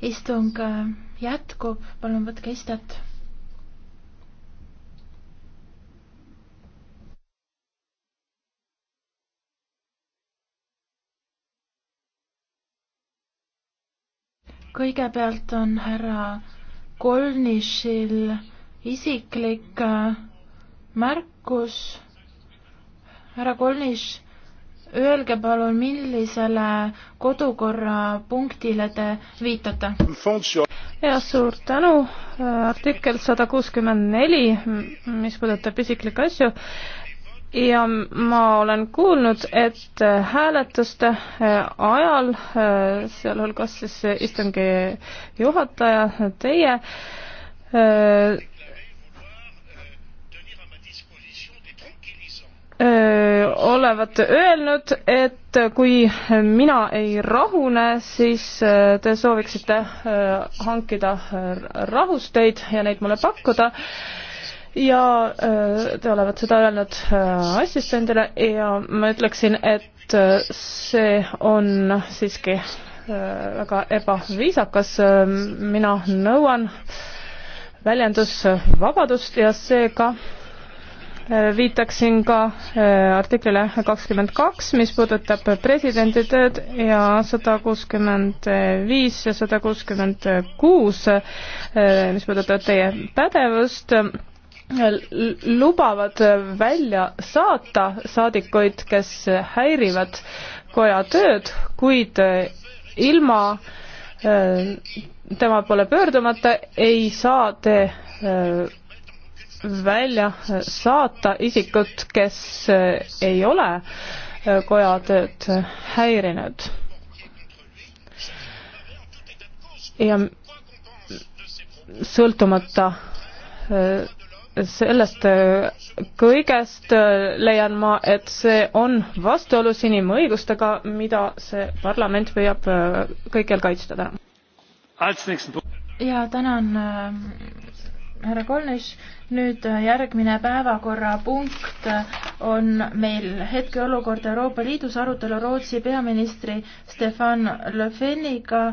istung äh, jätkub, palun võtke istet. kõigepealt on härra Kolnišil isiklik äh, märkus. härra Kolniš Öelge palun, millisele kodukorrapunktile te viitate? ja suur tänu, artikkel sada kuuskümmend neli, mis puudutab isiklikke asju ja ma olen kuulnud, et hääletuste ajal, sealhulgas siis istungi juhataja, teie öö, olevat öelnud, et kui mina ei rahune, siis te sooviksite öö, hankida rahusteid ja neid mulle pakkuda. ja öö, te olevat seda öelnud assistendile ja ma ütleksin, et see on siiski väga ebaviisakas, mina nõuan väljendusvabadust ja seega Äh, viitaksin ka äh, artiklile kakskümmend kaks, mis puudutab presidendi tööd ja sada kuuskümmend viis ja sada kuuskümmend kuus, äh, mis puudutavad teie pädevust, lubavad välja saata saadikuid, kes häirivad koja tööd, kuid ilma tema poole pöördumata ei saa te välja saata isikut, kes ei ole koja tööd häirinud. ja sõltumata äh, sellest äh, kõigest äh, leian ma, et see on vastuolus inimõigustega, mida see parlament püüab kõikjal kaitsta täna. ja tänan härra Kolnis, nüüd äh, järgmine päevakorrapunkt äh, on meil hetkeolukord Euroopa Liidus, arutelu Rootsi peaministri Stefan Löfveniga.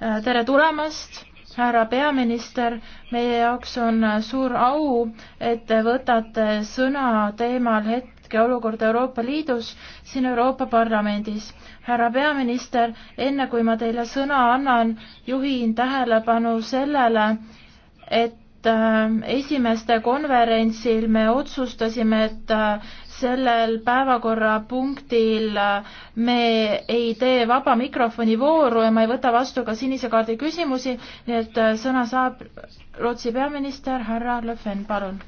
Äh, tere tulemast, härra peaminister, meie jaoks on suur au, et te võtate sõna teemal hetkeolukord Euroopa Liidus siin Euroopa Parlamendis. härra peaminister, enne kui ma teile sõna annan, juhin tähelepanu sellele, et Äh, esimeste konverentsil me otsustasime, et äh, sellel päevakorrapunktil äh, me ei tee vaba mikrofoni vooru ja ma ei võta vastu ka sinise kaardi küsimusi, nii et sõna saab Rootsi peaminister härra Le Fen, palun.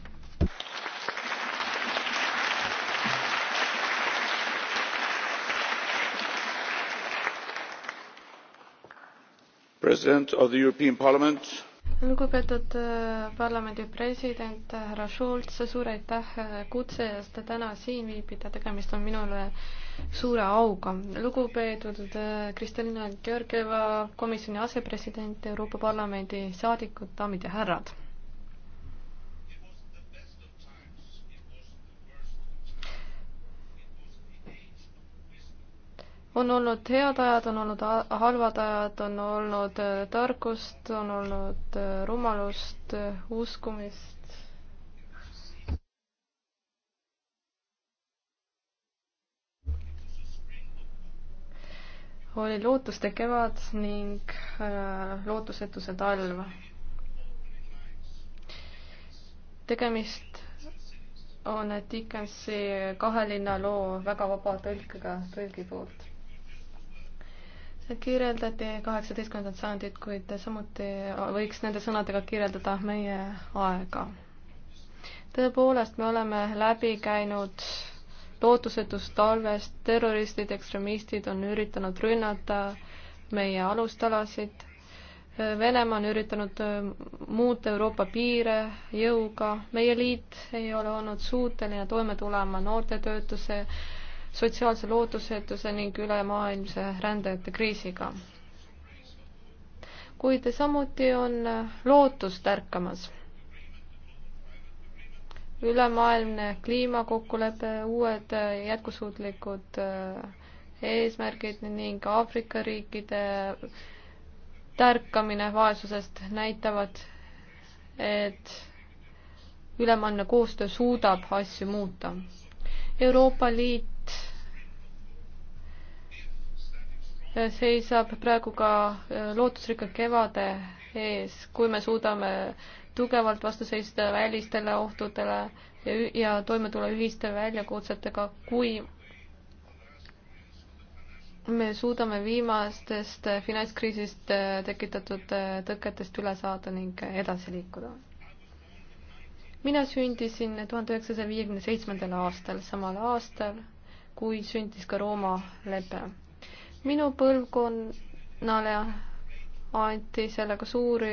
president of the european parliament lugupeetud äh, parlamendi president äh, härra Schulz, suur aitäh äh, kutse eest täna siin viibida, tegemist on minule suure auga. lugupeetud Kristelina Georgieva, komisjoni asepresident, Euroopa Parlamendi saadikud, daamid ja härrad on olnud head ajad, on olnud halvad ajad, on olnud äh, tarkust, on olnud äh, rumalust, äh, uskumist. oli lootuste kevad ning lootusetuse talv. tegemist on Dickensi kahe linna loo väga vaba tõlkega tõlgi poolt kirjeldati kaheksateistkümnendat sajandit, kuid samuti võiks nende sõnadega kirjeldada meie aega. tõepoolest, me oleme läbi käinud lootusetust talvest, terroristid, ekstremistid on üritanud rünnata meie alustalasid, Venemaa on üritanud muuta Euroopa piire jõuga, meie liit ei ole olnud suuteline toime tulema noortetöötuse sotsiaalse lootusetuse ning ülemaailmse rändajate kriisiga. kuid samuti on lootus tärkamas. ülemaailmne kliimakokkulepe, uued jätkusuutlikud äh, eesmärgid ning Aafrika riikide tärkamine vaesusest näitavad, et ülemaailmne koostöö suudab asju muuta Euroopa Liit seisab praegu ka äh, lootusrikka kevade ees, kui me suudame tugevalt vastu seista välistele ohtudele ja, ja toime tulla ühiste väljakutsetega, kui me suudame viimastest äh, finantskriisist äh, tekitatud tõketest üle saada ning edasi liikuda mina sündisin tuhande üheksasaja viiekümne seitsmendal aastal, samal aastal, kui sündis ka Rooma lepe. minu põlvkonnale anti sellega suuri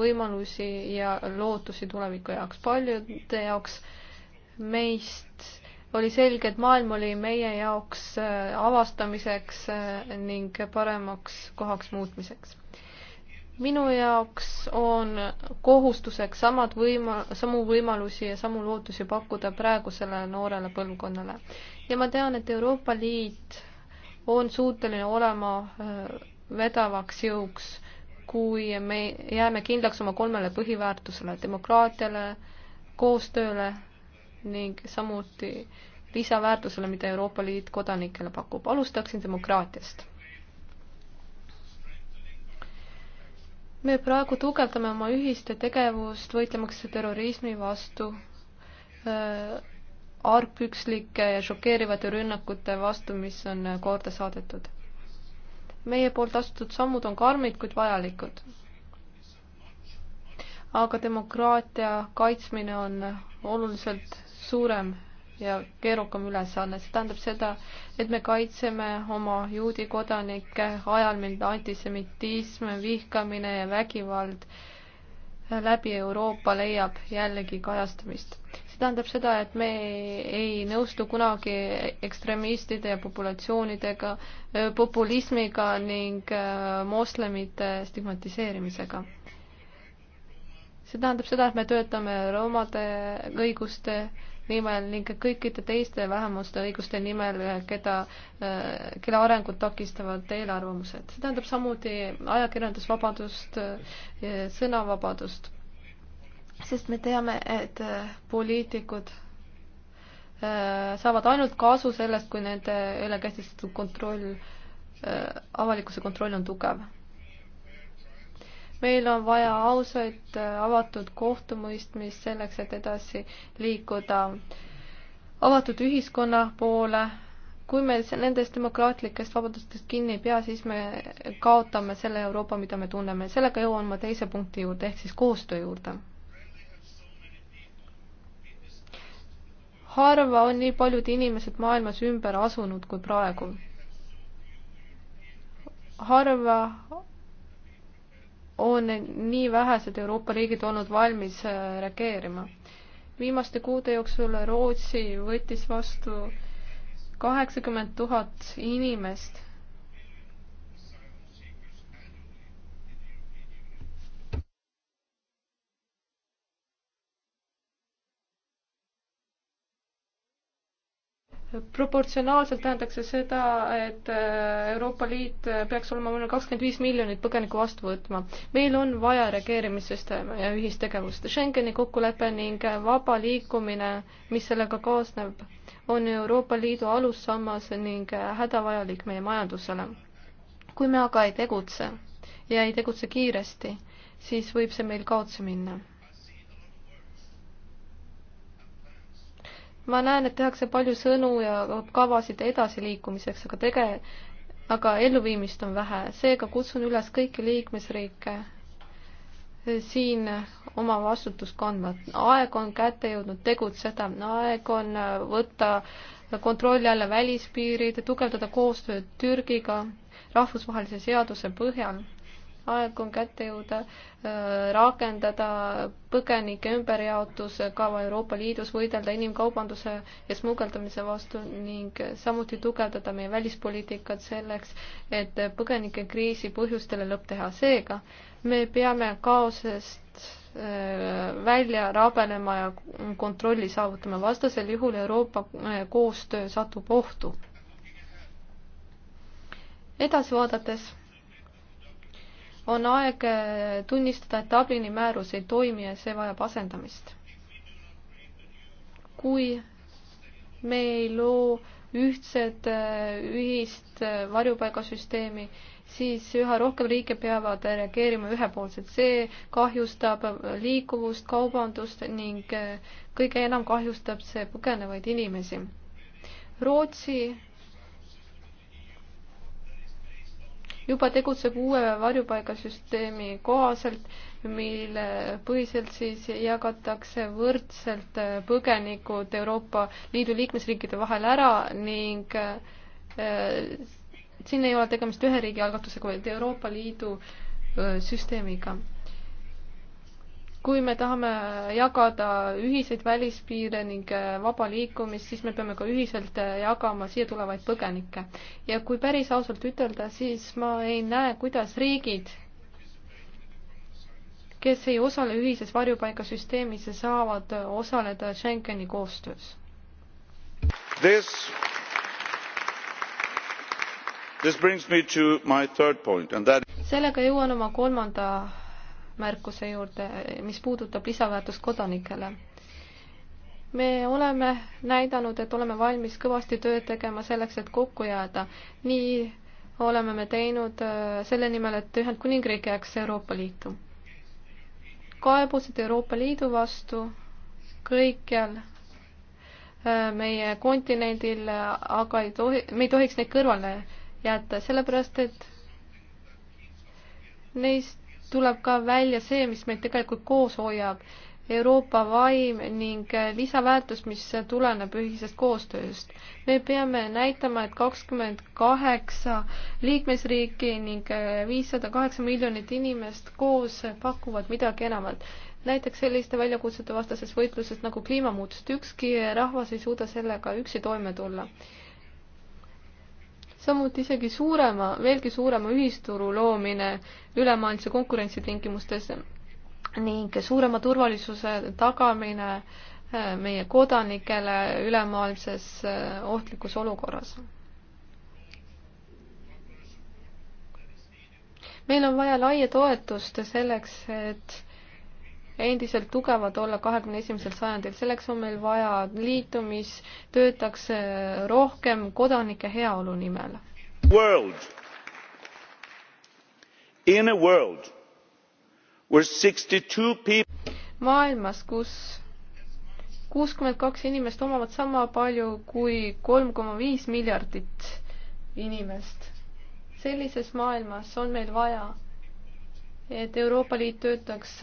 võimalusi ja lootusi tuleviku jaoks. paljude jaoks meist oli selge, et maailm oli meie jaoks äh, avastamiseks äh, ning paremaks kohaks muutmiseks minu jaoks on kohustuseks samad võima-, samu võimalusi ja samu lootusi pakkuda praegusele noorele põlvkonnale. ja ma tean, et Euroopa Liit on suuteline olema äh, vedavaks jõuks, kui me jääme kindlaks oma kolmele põhiväärtusele, demokraatiale, koostööle ning samuti lisaväärtusele, mida Euroopa Liit kodanikele pakub. alustaksin demokraatiast me praegu tugevdame oma ühiste tegevust võitlemaks terrorismi vastu äh,, argpükslike ja šokeerivate rünnakute vastu, mis on äh, korda saadetud. meie poolt astutud sammud on karmid, kuid vajalikud. aga demokraatia kaitsmine on äh, oluliselt suurem ja keerukam ülesanne. see tähendab seda, et me kaitseme oma juudi kodanikke ajal, mil antisemitism, vihkamine ja vägivald läbi Euroopa leiab jällegi kajastamist. see tähendab seda, et me ei nõustu kunagi ekstremistide ja populatsioonidega, äh, populismiga ning äh, moslemite stigmatiseerimisega see tähendab seda, et me töötame roomade õiguste nimel ning kõikide teiste vähemuste õiguste nimel, keda, kelle arengut takistavad eelarvamused. see tähendab samuti ajakirjandusvabadust, sõnavabadust, sest me teame, et poliitikud äh, saavad ainult kasu sellest, kui nende üle kehtestatud kontroll, äh, avalikkuse kontroll on tugev meil on vaja ausaid, avatud kohtumõistmist selleks, et edasi liikuda avatud ühiskonna poole. kui me nendest demokraatlikest vabadustest kinni ei pea, siis me kaotame selle Euroopa, mida me tunneme. sellega jõuan ma teise punkti juurde ehk siis koostöö juurde. harva on nii paljud inimesed maailmas ümber asunud kui praegu. harva on nii vähesed Euroopa riigid olnud valmis äh, reageerima. viimaste kuude jooksul Rootsi võttis vastu kaheksakümmend tuhat inimest proportsionaalselt tähendaks see seda, et äh, Euroopa Liit peaks olema mõnel kakskümmend viis miljonit põgenikku vastu võtma. meil on vaja reageerimissüsteeme ja ühistegevust. Schengeni kokkulepe ning vaba liikumine, mis sellega kaasneb, on Euroopa Liidu alussammas ning hädavajalik meie majandusele. kui me aga ei tegutse ja ei tegutse kiiresti, siis võib see meil kaotsi minna ma näen, et tehakse palju sõnu ja kavasid edasiliikumiseks, aga tege-, aga elluviimist on vähe, seega kutsun üles kõiki liikmesriike siin oma vastutust kandma. aeg on kätte jõudnud tegutseda, aeg on võtta kontrolli alla välispiirid, tugevdada koostööd Türgiga rahvusvahelise seaduse põhjal aeg on kätte jõuda äh, rakendada põgenike ümberjaotuskava Euroopa Liidus, võidelda inimkaubanduse ja smugeldamise vastu ning samuti tugevdada meie välispoliitikat selleks, et põgenike kriisi põhjustele lõpp teha. seega me peame kaosest äh, välja rabelema ja kontrolli saavutama, vastasel juhul Euroopa äh, koostöö satub ohtu. edasi vaadates on aeg äh, tunnistada, et Dublini määrus ei toimi ja see vajab asendamist. kui me ei loo ühtset äh, ühist äh, varjupaigasüsteemi, siis üha rohkem riike peavad reageerima ühepoolselt. see kahjustab liikuvust, kaubandust ning kõige enam kahjustab see põgenevaid inimesi. Rootsi juba tegutseb uue varjupaigasüsteemi kohaselt, mille põhiselt siis jagatakse võrdselt põgenikud Euroopa Liidu liikmesriikide vahel ära ning äh, siin ei ole tegemist ühe riigi algatusega, vaid Euroopa Liidu äh, süsteemiga kui me tahame jagada ühiseid välispiire ning äh, vaba liikumist, siis me peame ka ühiselt äh, jagama siia tulevaid põgenikke. ja kui päris ausalt ütelda, siis ma ei näe, kuidas riigid, kes ei osale ühises varjupaigasüsteemis, saavad äh, osaleda Schengeni koostöös. This, this brings me to my third point and that sellega jõuan oma kolmanda märkuse juurde, mis puudutab lisaväärtust kodanikele. me oleme näidanud, et oleme valmis kõvasti tööd tegema selleks, et kokku jääda. nii oleme me teinud äh, selle nimel, et Ühendkuningriik jääks Euroopa Liitu. kaebused Euroopa Liidu vastu kõikjal äh, meie kontinendil, aga ei tohi, me ei tohiks neid kõrvale jätta, sellepärast et neist tuleb ka välja see, mis meid tegelikult koos hoiab. Euroopa vaim ning äh, lisaväärtus, mis tuleneb ühisest koostööst. me peame näitama, et kakskümmend kaheksa liikmesriiki ning äh, viissada kaheksa miljonit inimest koos pakuvad midagi enamat. näiteks selliste väljakutsete vastases võitluses nagu kliimamuutused, ükski rahvas ei suuda sellega üksi toime tulla samuti isegi suurema, veelgi suurema ühisturu loomine ülemaailmse konkurentsi tingimustes ning suurema turvalisuse tagamine äh, meie kodanikele ülemaailmses äh, ohtlikus olukorras. meil on vaja laia toetust selleks, et endiselt tugevad olla kahekümne esimesel sajandil, selleks on meil vaja liitu, mis töötaks rohkem kodanike heaolu nimel. maailmas, kus kuuskümmend kaks inimest omavad sama palju kui kolm koma viis miljardit inimest. sellises maailmas on meil vaja, et Euroopa Liit töötaks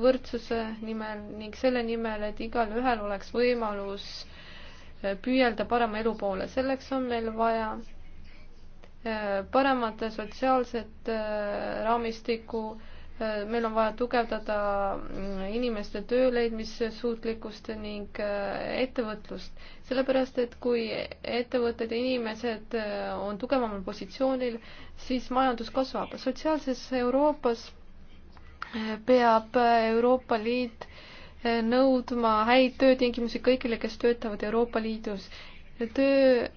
võrdsuse nimel ning selle nimel, et igalühel oleks võimalus äh, püüelda parema elu poole. selleks on meil vaja äh, paremat sotsiaalset äh, raamistikku, meil on vaja tugevdada mm, inimeste töö leidmissuutlikkust ning ettevõtlust. sellepärast, et kui ettevõtted ja inimesed on tugevamal positsioonil, siis majandus kasvab. sotsiaalses Euroopas peab Euroopa Liit eh, nõudma häid töötingimusi kõigile, kes töötavad Euroopa Liidus. töö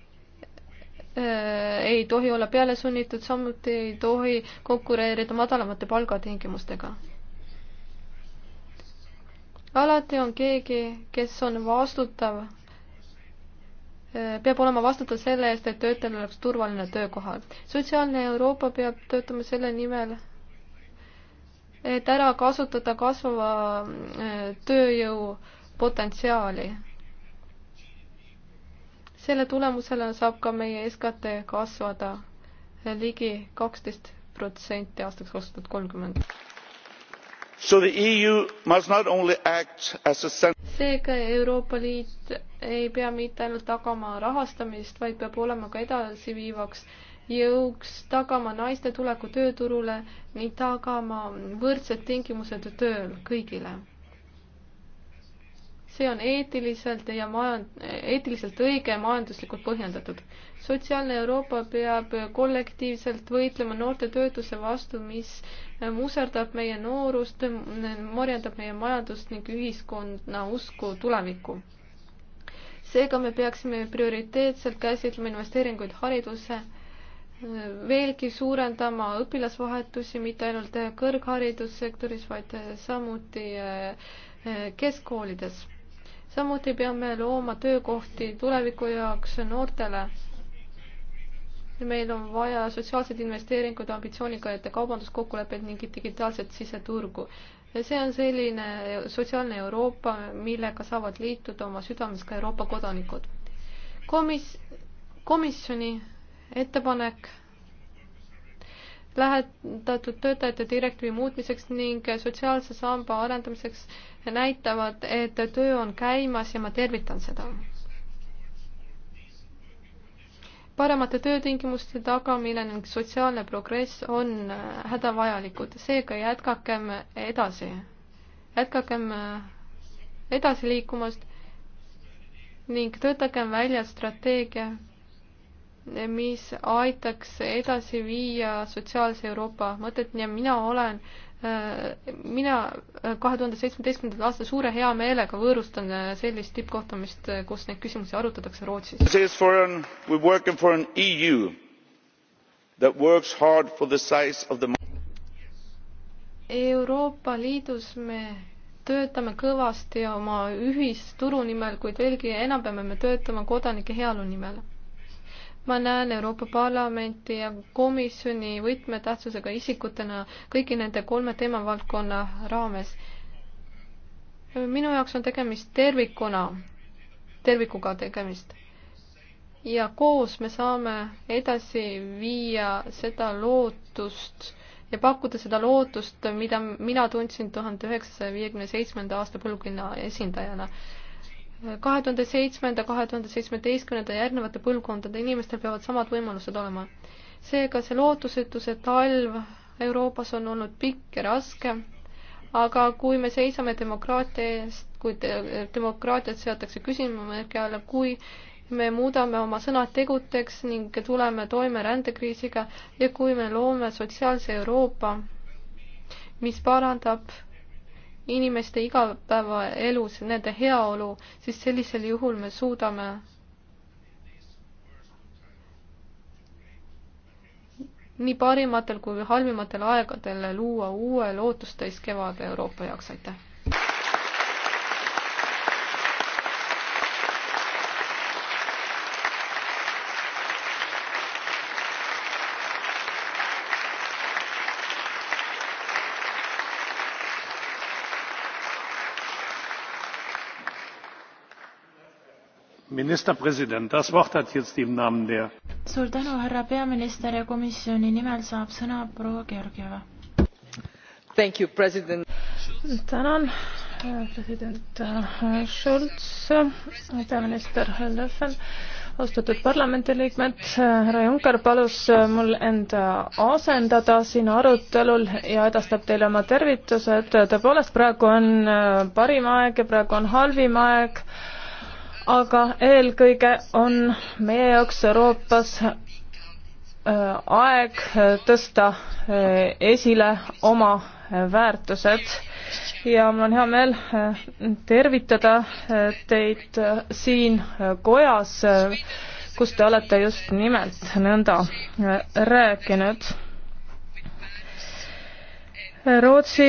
eh, ei tohi olla peale sunnitud, samuti ei tohi konkureerida madalamate palgatingimustega. alati on keegi, kes on vastutav, eh, peab olema vastutav selle eest, et töötajal oleks turvaline töökohal. sotsiaalne Euroopa peab töötama selle nimel, et ära kasutada kasvava äh, tööjõu potentsiaali. selle tulemusena saab ka meie SKT kasvada ligi kaksteist protsenti aastaks kaks tuhat kolmkümmend. E seega Euroopa Liit ei pea mitte ainult tagama rahastamist, vaid peab olema ka edasiviivaks jõuks tagama naiste tuleku tööturule ning tagama võrdsed tingimused tööl kõigile. see on eetiliselt ja majand-, eetiliselt õige ja majanduslikult põhjendatud. sotsiaalne Euroopa peab kollektiivselt võitlema noorte töötuse vastu, mis muserdab meie noorust, morjendab meie majandust ning ühiskonna usku tulevikku seega me peaksime prioriteetselt käsitlema investeeringuid haridusse veelgi suurendama õpilasvahetusi mitte ainult kõrgharidussektoris, vaid samuti eh, keskkoolides. samuti peame looma töökohti tuleviku jaoks noortele. meil on vaja sotsiaalseid investeeringuid, ambitsioonikaid kaubanduskokkuleppeid ning digitaalset siseturgu. see on selline sotsiaalne Euroopa, millega saavad liituda oma südames ka Euroopa kodanikud. komis-, komisjoni ettepanek lähetatud töötajate direktiivi muutmiseks ning sotsiaalse samba arendamiseks näitavad, et töö on käimas ja ma tervitan seda. paremate töötingimuste tagamine ning sotsiaalne progress on hädavajalikud, seega jätkakem edasi, jätkakem edasi liikumast ning töötagem välja strateegia mis aitaks edasi viia sotsiaalse Euroopa mõtet ja mina olen äh, mina äh, kahe tuhande seitsmeteistkümnendal aastal suure heameelega võõrustan äh, sellist tippkohtumist, kus neid küsimusi arutatakse Rootsis. E Euroopa Liidus me töötame kõvasti oma ühisturu nimel, kuid veelgi enam peame me töötama kodanike heaolu nimel ma näen Euroopa Parlamenti ja komisjoni võtmetähtsusega isikutena kõigi nende kolme teemavaldkonna raames. minu jaoks on tegemist tervikuna, tervikuga tegemist. ja koos me saame edasi viia seda lootust ja pakkuda seda lootust, mida mina tundsin tuhande üheksasaja viiekümne seitsmenda aasta põlvkonna esindajana kahe tuhande seitsmenda, kahe tuhande seitsmeteistkümnenda järgnevate põlvkondade inimestel peavad samad võimalused olema. seega see lootusetuse talv Euroopas on olnud pikk ja raske, aga kui me seisame demokraatia eest, kui demokraatiat seatakse küsimärgi alla, kui me muudame oma sõnad teguteks ning tuleme toime rändekriisiga ja kui me loome sotsiaalse Euroopa, mis parandab inimeste igapäevaelus, nende heaolu, siis sellisel juhul me suudame nii parimatel kui halvimatel aegadel luua uue lootustäis kevade Euroopa jaoks, aitäh! suur tänu härra peaminister ja komisjoni nimel saab sõna proua georgieva. tänan president äh, schulz äh, peaminister löfven austatud parlamendiliikmed äh, härra juncker palus mul end asendada siin arutelul ja edastab teile oma tervitused tõepoolest praegu on parim aeg ja praegu on halvim aeg aga eelkõige on meie jaoks Euroopas äh, aeg tõsta äh, esile oma äh, väärtused ja mul on hea meel tervitada teid siin kojas, kus te olete just nimelt nõnda rääkinud Rootsi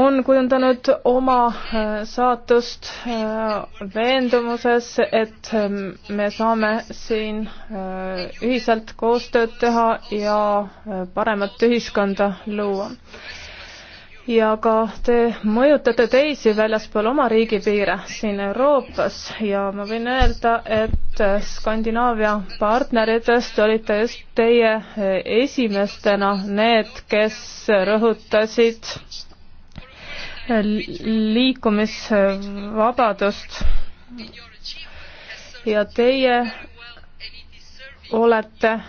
on kujundanud oma äh, saatust äh, veendumuses, et ähm, me saame siin äh, ühiselt koostööd teha ja paremat ühiskonda luua ja ka te mõjutate teisi väljaspool oma riigipiire siin Euroopas ja ma võin öelda, et Skandinaavia partneritest olite just teie esimestena need, kes rõhutasid liikumisvabadust ja teie olete äh,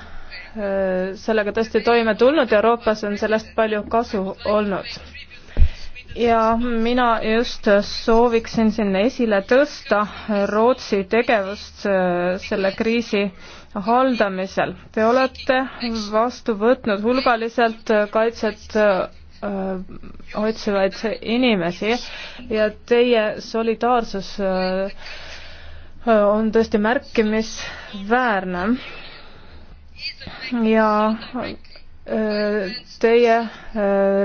sellega tõesti toime tulnud ja Euroopas on sellest palju kasu olnud ja mina just sooviksin siin esile tõsta Rootsi tegevust äh, selle kriisi haldamisel. Te olete vastu võtnud hulgaliselt kaitset äh, otsivaid inimesi ja teie solidaarsus äh, on tõesti märkimisväärne. ja teie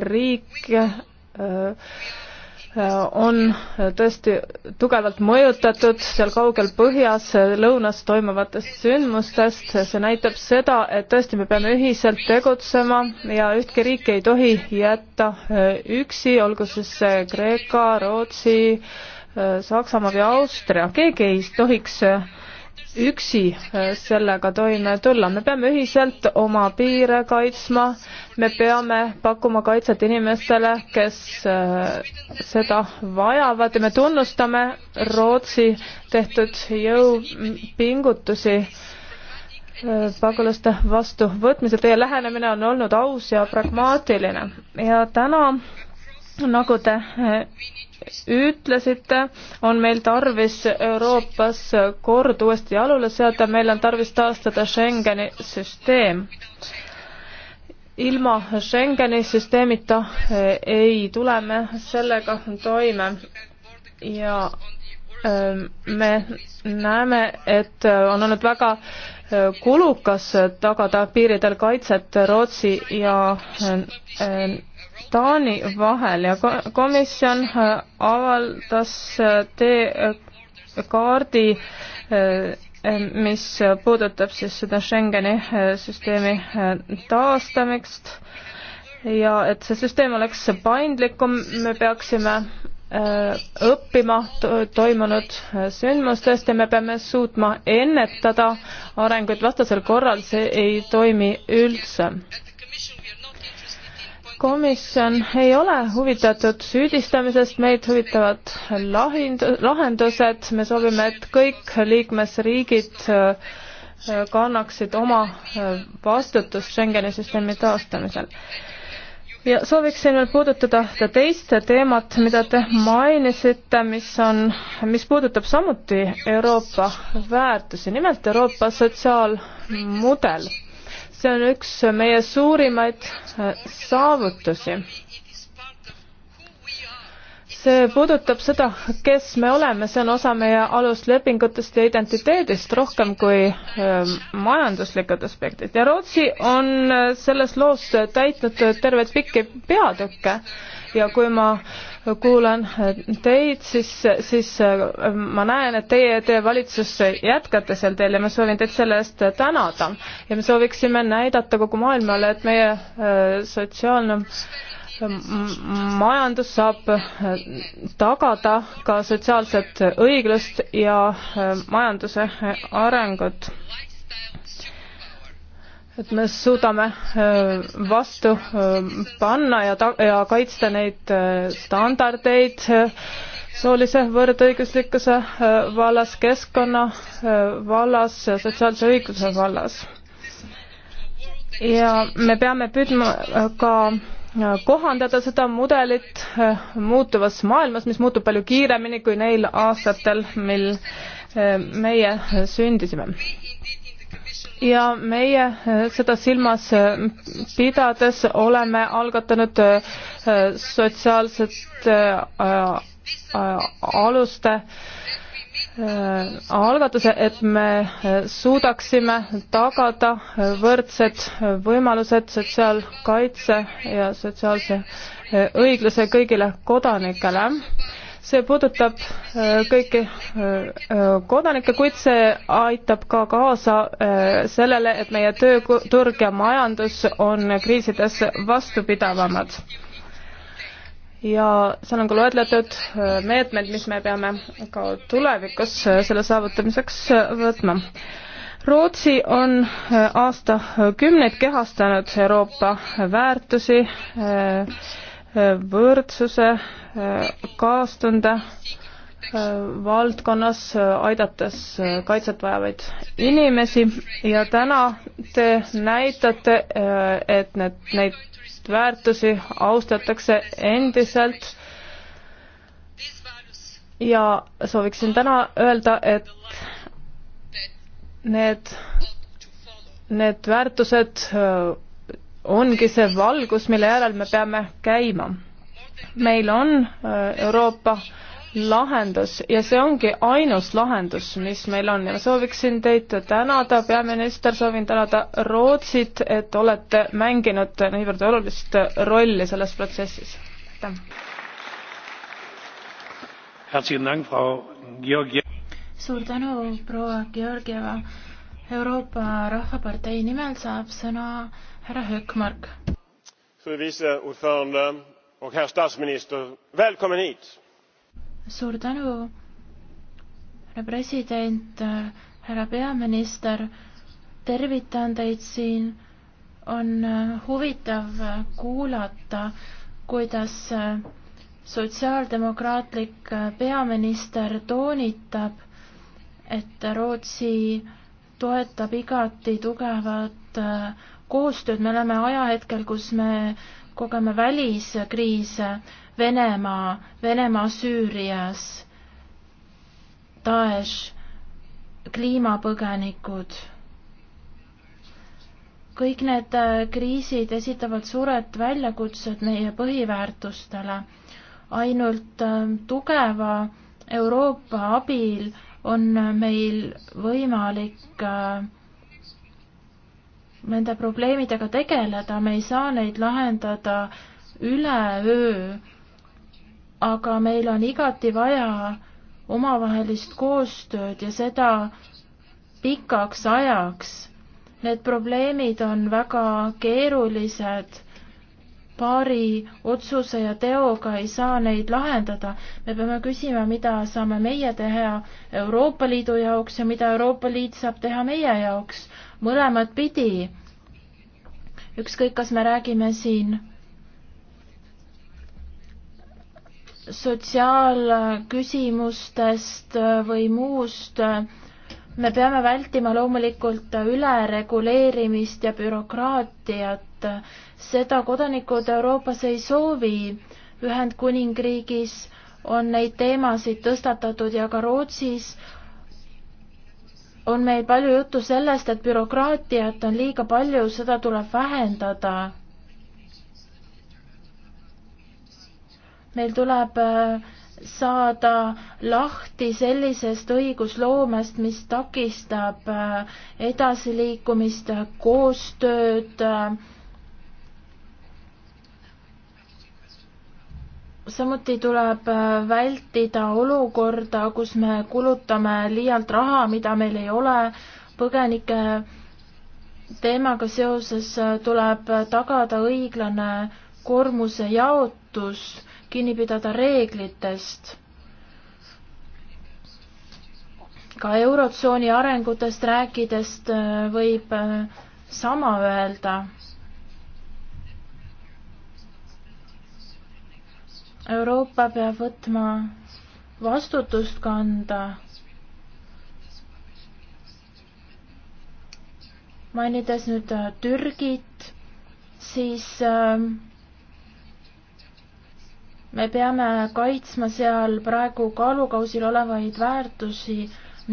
riik Äh, on tõesti tugevalt mõjutatud seal kaugel põhjas lõunas toimuvatest sündmustest. see näitab seda, et tõesti me peame ühiselt tegutsema ja ühtki riiki ei tohi jätta äh, üksi, olgu siis see äh, Kreeka, Rootsi, Saksamaa või Austria, keegi ei tohiks üksi äh, sellega toime tulla. me peame ühiselt oma piire kaitsma, me peame pakkuma kaitset inimestele, kes äh, seda vajavad ja me tunnustame Rootsi tehtud jõupingutusi äh, pagulaste vastuvõtmisel. Teie lähenemine on olnud aus ja pragmaatiline ja täna nagu te äh, ütlesite, on meil tarvis Euroopas kord uuesti jalule seada, meil on tarvis taastada Schengeni süsteem. ilma Schengeni süsteemita äh, ei tule me sellega toime ja ähm, me näeme, et äh, on olnud väga kulukas tagada piiridel kaitset Rootsi ja äh, Taani vahel ja komisjon äh, avaldas äh, teekaardi, mis puudutab siis seda Schengeni süsteemi taastamist ja et see süsteem oleks paindlikum, me peaksime Äh, õppima toimunud äh, sündmustest ja me peame suutma ennetada arenguid, vastasel korral see ei toimi üldse. komisjon ei ole huvitatud süüdistamisest, meid huvitavad lahing, lahendused, me soovime, et kõik liikmesriigid äh, kannaksid oma vastutust Schengeni süsteemi taastamisel ja sooviksin veel puudutada te teist teemat, mida te mainisite, mis on, mis puudutab samuti Euroopa väärtusi, nimelt Euroopa sotsiaalmudel. see on üks meie suurimaid saavutusi see puudutab seda, kes me oleme, see on osa meie aluslepingutest ja identiteedist rohkem kui ähm, majanduslikud aspektid ja Rootsi on äh, selles loos täitnud terveid pikki peatükke ja kui ma kuulan äh, teid, siis, siis äh, ma näen, et teie, teie valitsus jätkate sel teel ja ma soovin teid selle eest tänada ja me sooviksime näidata kogu maailmale, et meie sotsiaalne majandus saab äh, tagada ka sotsiaalset õiglust ja äh, majanduse arengut. et me suudame äh, vastu panna ja ta-, ja kaitsta neid standardeid soolise võrdõiguslikkuse vallas, keskkonna vallas ja sotsiaalse õigluse vallas. ja me peame püüdma ka kohandada seda mudelit eh, muutuvas maailmas, mis muutub palju kiiremini kui neil aastatel, mil eh, meie sündisime. ja meie eh, seda silmas pidades oleme algatanud sotsiaalsete aluste äh, Äh, algatuse, et me äh, suudaksime tagada äh, võrdsed võimalused sotsiaalkaitse ja sotsiaalse õigluse kõigile kodanikele. see puudutab kõiki kodanikke, kuid see aitab ka kaasa sellele, et meie tööturg ja majandus on kriisides vastupidavamad ja seal on ka loetletud äh, meetmed, mis me peame ka tulevikus äh, selle saavutamiseks äh, võtma. Rootsi on aastakümneid kehastanud Euroopa väärtusi, võrdsuse, kaastunde valdkonnas, aidates kaitset vajavaid inimesi ja täna te näitate, et need, neid väärtusi austatakse endiselt ja sooviksin täna öelda, et need, need väärtused äh, ongi see valgus, mille järel me peame käima. meil on äh, Euroopa äh, lahendus ja see ongi ainus lahendus, mis meil on ja sooviksin teid tänada, peaminister, soovin tänada Rootsit, et olete mänginud niivõrd olulist rolli selles protsessis. aitäh! suur tänu, proua Georgieva. Euroopa Rahvapartei nimel saab sõna härra Hökmark. fru vice ordförande och herr statsminister, välkommen hit! suur tänu, härra president, härra peaminister, tervitan teid siin. on huvitav kuulata, kuidas sotsiaaldemokraatlik peaminister toonitab, et Rootsi toetab igati tugevat koostööd, me oleme ajahetkel, kus me kogeme väliskriise Venemaa, Venemaa Süürias, Daesh, kliimapõgenikud. kõik need äh, kriisid esitavad suured väljakutsed meie põhiväärtustele. ainult äh, tugeva Euroopa abil on äh, meil võimalik nende probleemidega tegeleda, me ei saa neid lahendada üleöö aga meil on igati vaja omavahelist koostööd ja seda pikaks ajaks. Need probleemid on väga keerulised. paari otsuse ja teoga ei saa neid lahendada. me peame küsima, mida saame meie teha Euroopa Liidu jaoks ja mida Euroopa Liit saab teha meie jaoks, mõlemat pidi. ükskõik, kas me räägime siin sotsiaalküsimustest või muust, me peame vältima loomulikult ülereguleerimist ja bürokraatiat. seda kodanikud Euroopas ei soovi. Ühendkuningriigis on neid teemasid tõstatatud ja ka Rootsis on meil palju juttu sellest, et bürokraatiat on liiga palju, seda tuleb vähendada meil tuleb äh, saada lahti sellisest õigusloomest, mis takistab äh, edasiliikumist, äh, koostööd. samuti tuleb vältida olukorda, kus me kulutame liialt raha, mida meil ei ole, põgenike teemaga seoses tuleb tagada õiglane koormuse jaotus kinni pidada reeglitest. ka Eurotsooni arengutest rääkidest äh, võib äh, sama öelda. Euroopa peab võtma vastutust kanda. mainides nüüd äh, Türgit, siis äh, me peame kaitsma seal praegu kaalukausil olevaid väärtusi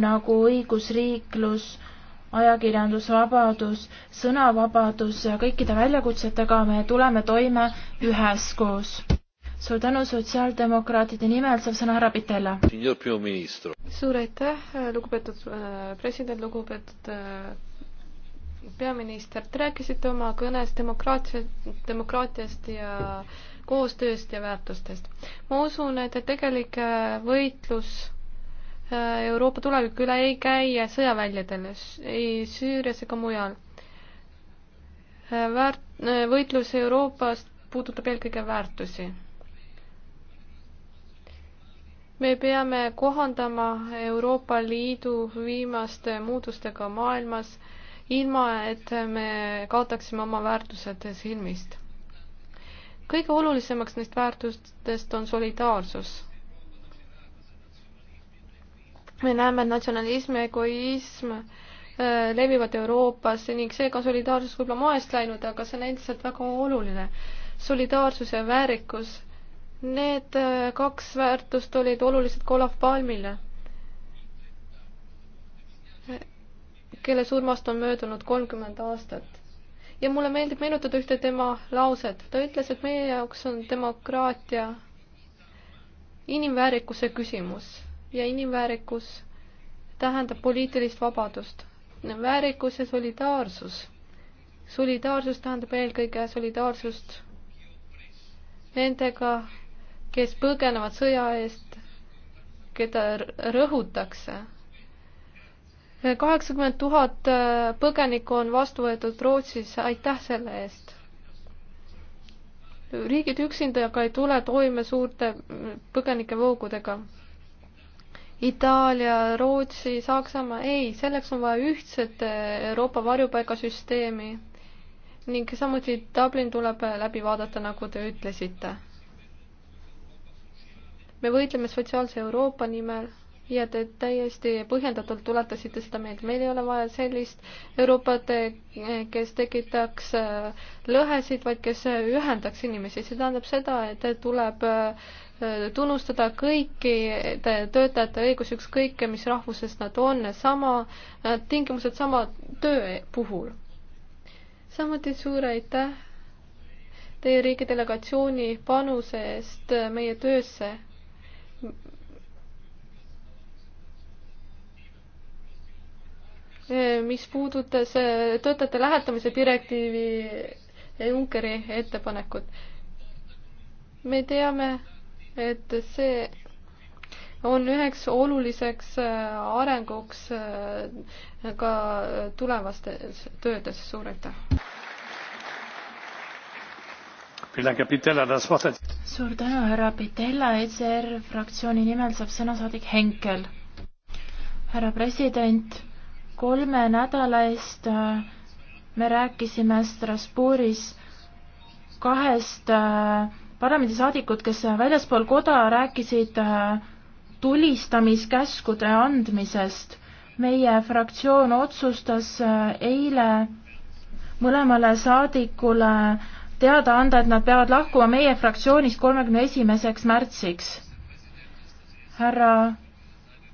nagu õigusriiklus, ajakirjandusvabadus, sõnavabadus ja kõikide väljakutsetega me tuleme toime üheskoos. suur tänu sotsiaaldemokraatide nimel, saab sõna härra Pitella. suur aitäh, lugupeetud äh, president, lugupeetud äh, peaminister, te rääkisite oma kõnes demokraatiast, demokraatiast ja äh, koostööst ja väärtustest. ma usun, et tegelik äh, võitlus äh, Euroopa tuleviku üle ei käi sõjaväljadel, ei Süürias ega mujal. Äh, väärt-, võitlus Euroopas puudutab eelkõige väärtusi. me peame kohandama Euroopa Liidu viimaste muutustega maailmas, ilma et me kaotaksime oma väärtused silmist kõige olulisemaks neist väärtustest on solidaarsus. me näeme, et natsionalism ja egoism äh, levivad Euroopas ning seega on solidaarsus võib-olla moest läinud, aga see on endiselt väga oluline. solidaarsus ja väärikus, need äh, kaks väärtust olid olulised ka Olav Palmile, kelle surmast on möödunud kolmkümmend aastat ja mulle meeldib meenutada ühte tema lauset. ta ütles, et meie jaoks on demokraatia inimväärikuse küsimus ja inimväärikus tähendab poliitilist vabadust. väärikus ja solidaarsus. solidaarsus tähendab eelkõige solidaarsust nendega, kes põgenevad sõja eest, keda rõhutakse kaheksakümmend tuhat äh, põgenikku on vastu võetud Rootsis, aitäh selle eest. riigid üksinda aga ei tule toime suurte äh, põgenikevoogudega. Itaalia, Rootsi, Saksamaa, ei, selleks on vaja ühtset äh, Euroopa varjupaigasüsteemi ning samuti Dublin tuleb läbi vaadata, nagu te ütlesite. me võitleme sotsiaalse Euroopa nimel ja te täiesti põhjendatult tuletasite seda meelt. meil ei ole vaja sellist Euroopat, eh, kes tekitaks eh, lõhesid, vaid kes ühendaks inimesi. see tähendab seda, et tuleb eh, tunnustada kõiki töötajate õigus, ükskõik mis rahvusest nad on, sama, tingimused sama töö puhul. samuti suur aitäh teie riigi delegatsiooni panuse eest meie töösse Eh, mis puudutas eh, töötajate lähetamise direktiivi eh, Junckeri ettepanekut. me teame, et see on üheks oluliseks arenguks ka tulevastes töödes, suur aitäh! suur tänu, härra Pitella, ECR fraktsiooni nimel saab sõna saadik Henkel. härra president kolme nädala eest äh, me rääkisime Strasbourgis kahest äh, parlamendisaadikut, kes väljaspool koda rääkisid äh, tulistamiskäskude andmisest. meie fraktsioon otsustas eile mõlemale saadikule teada anda, et nad peavad lahkuma meie fraktsioonist kolmekümne esimeseks märtsiks. härra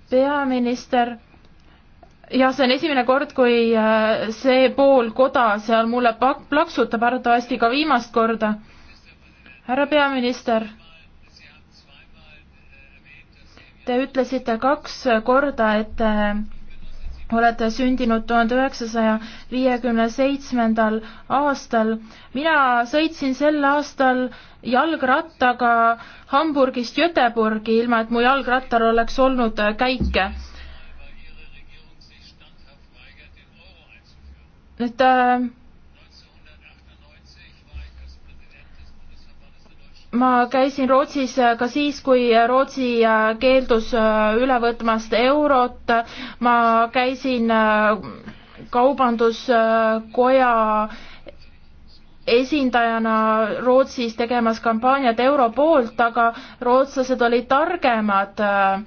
peaminister jah, see on esimene kord, kui äh, see pool koda seal mulle pak-, plaksutab, arvatavasti ka viimast korda. härra peaminister, te ütlesite kaks korda, et äh, olete sündinud tuhande üheksasaja viiekümne seitsmendal aastal. mina sõitsin sel aastal jalgrattaga Hamburgist Göteborgi, ilma et mu jalgrattal oleks olnud äh, käike nüüd äh, ma käisin Rootsis äh, ka siis, kui Rootsi äh, keeldus üle võtmast eurot, ma käisin kaubanduskoja esindajana Rootsis tegemas kampaaniat euro poolt, aga rootslased olid targemad äh,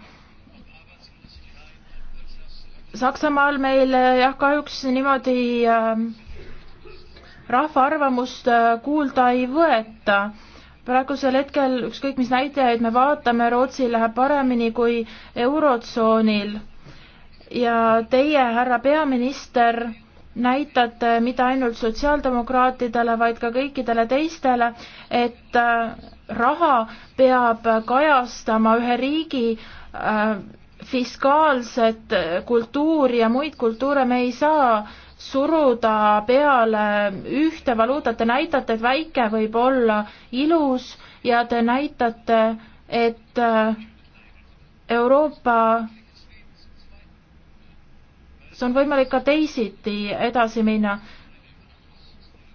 Saksamaal meil äh, jah, kahjuks niimoodi ähm, rahva arvamust äh, kuulda ei võeta. praegusel hetkel ükskõik mis näitajaid me vaatame, Rootsil läheb paremini kui Eurotsoonil. ja teie, härra peaminister, näitate mitte ainult sotsiaaldemokraatidele, vaid ka kõikidele teistele, et äh, raha peab kajastama ühe riigi äh, fiskaalset kultuuri ja muid kultuure me ei saa suruda peale ühte valuutat, te näitate, et väike võib olla ilus ja te näitate, et äh, Euroopa see on võimalik ka teisiti edasi minna.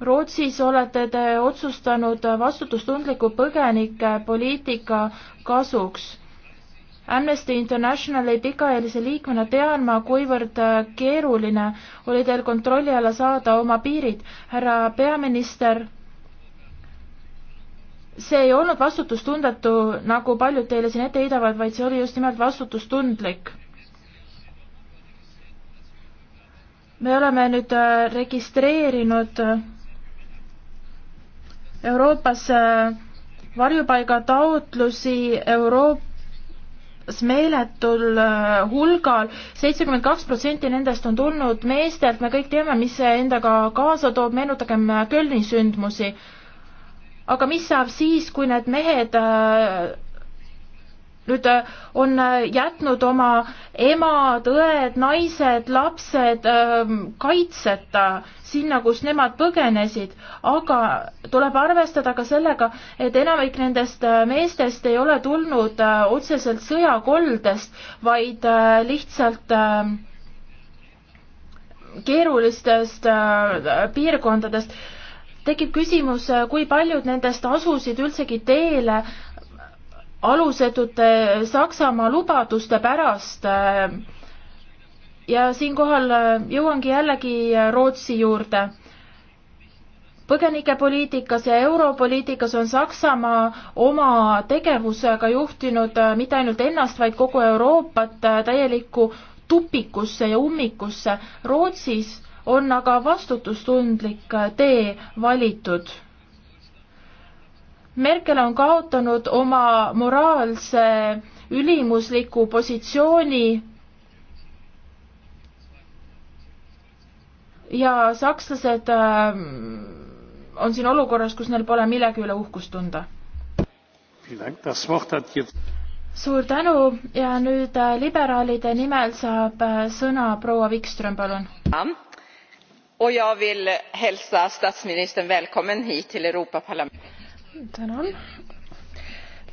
Rootsis olete te otsustanud vastutustundliku põgenike poliitika kasuks Amnesty Internationali pikaajalise liikmena tean ma, kuivõrd äh, keeruline oli teil kontrolli alla saada oma piirid. härra peaminister, see ei olnud vastutustundetu, nagu paljud teile siin ette heidavad, vaid see oli just nimelt vastutustundlik. me oleme nüüd äh, registreerinud äh, Euroopas varjupaigataotlusi Euroopa meeletul äh, hulgal, seitsekümmend kaks protsenti nendest on tulnud meestelt, me kõik teame, mis see endaga kaasa toob, meenutagem äh, Kölni sündmusi. aga mis saab siis, kui need mehed äh, nüüd äh, on äh, jätnud oma emad, õed, naised, lapsed ähm, kaitseta sinna, kus nemad põgenesid, aga tuleb arvestada ka sellega, et enamik nendest äh, meestest ei ole tulnud otseselt sõjakoldest, vaid lihtsalt ähm, keerulistest piirkondadest tekib küsimus, kui paljud nendest asusid üldsegi teele alusetute Saksamaa lubaduste pärast. ja siinkohal äh, jõuangi jällegi äh, Rootsi juurde põgenikepoliitikas ja europoliitikas on Saksamaa oma tegevusega juhtinud äh, mitte ainult ennast, vaid kogu Euroopat täielikku tupikusse ja ummikusse. Rootsis on aga vastutustundlik tee valitud Merkel on kaotanud oma moraalse ülimusliku positsiooni ja sakslased on siin olukorras, kus neil pole millegi üle uhkust tunda. suur tänu ja nüüd liberaalide nimel saab sõna proua Wikström, palun. Och jag vill hälsa statsministern välkommen hit till Europaparlamentet tänan.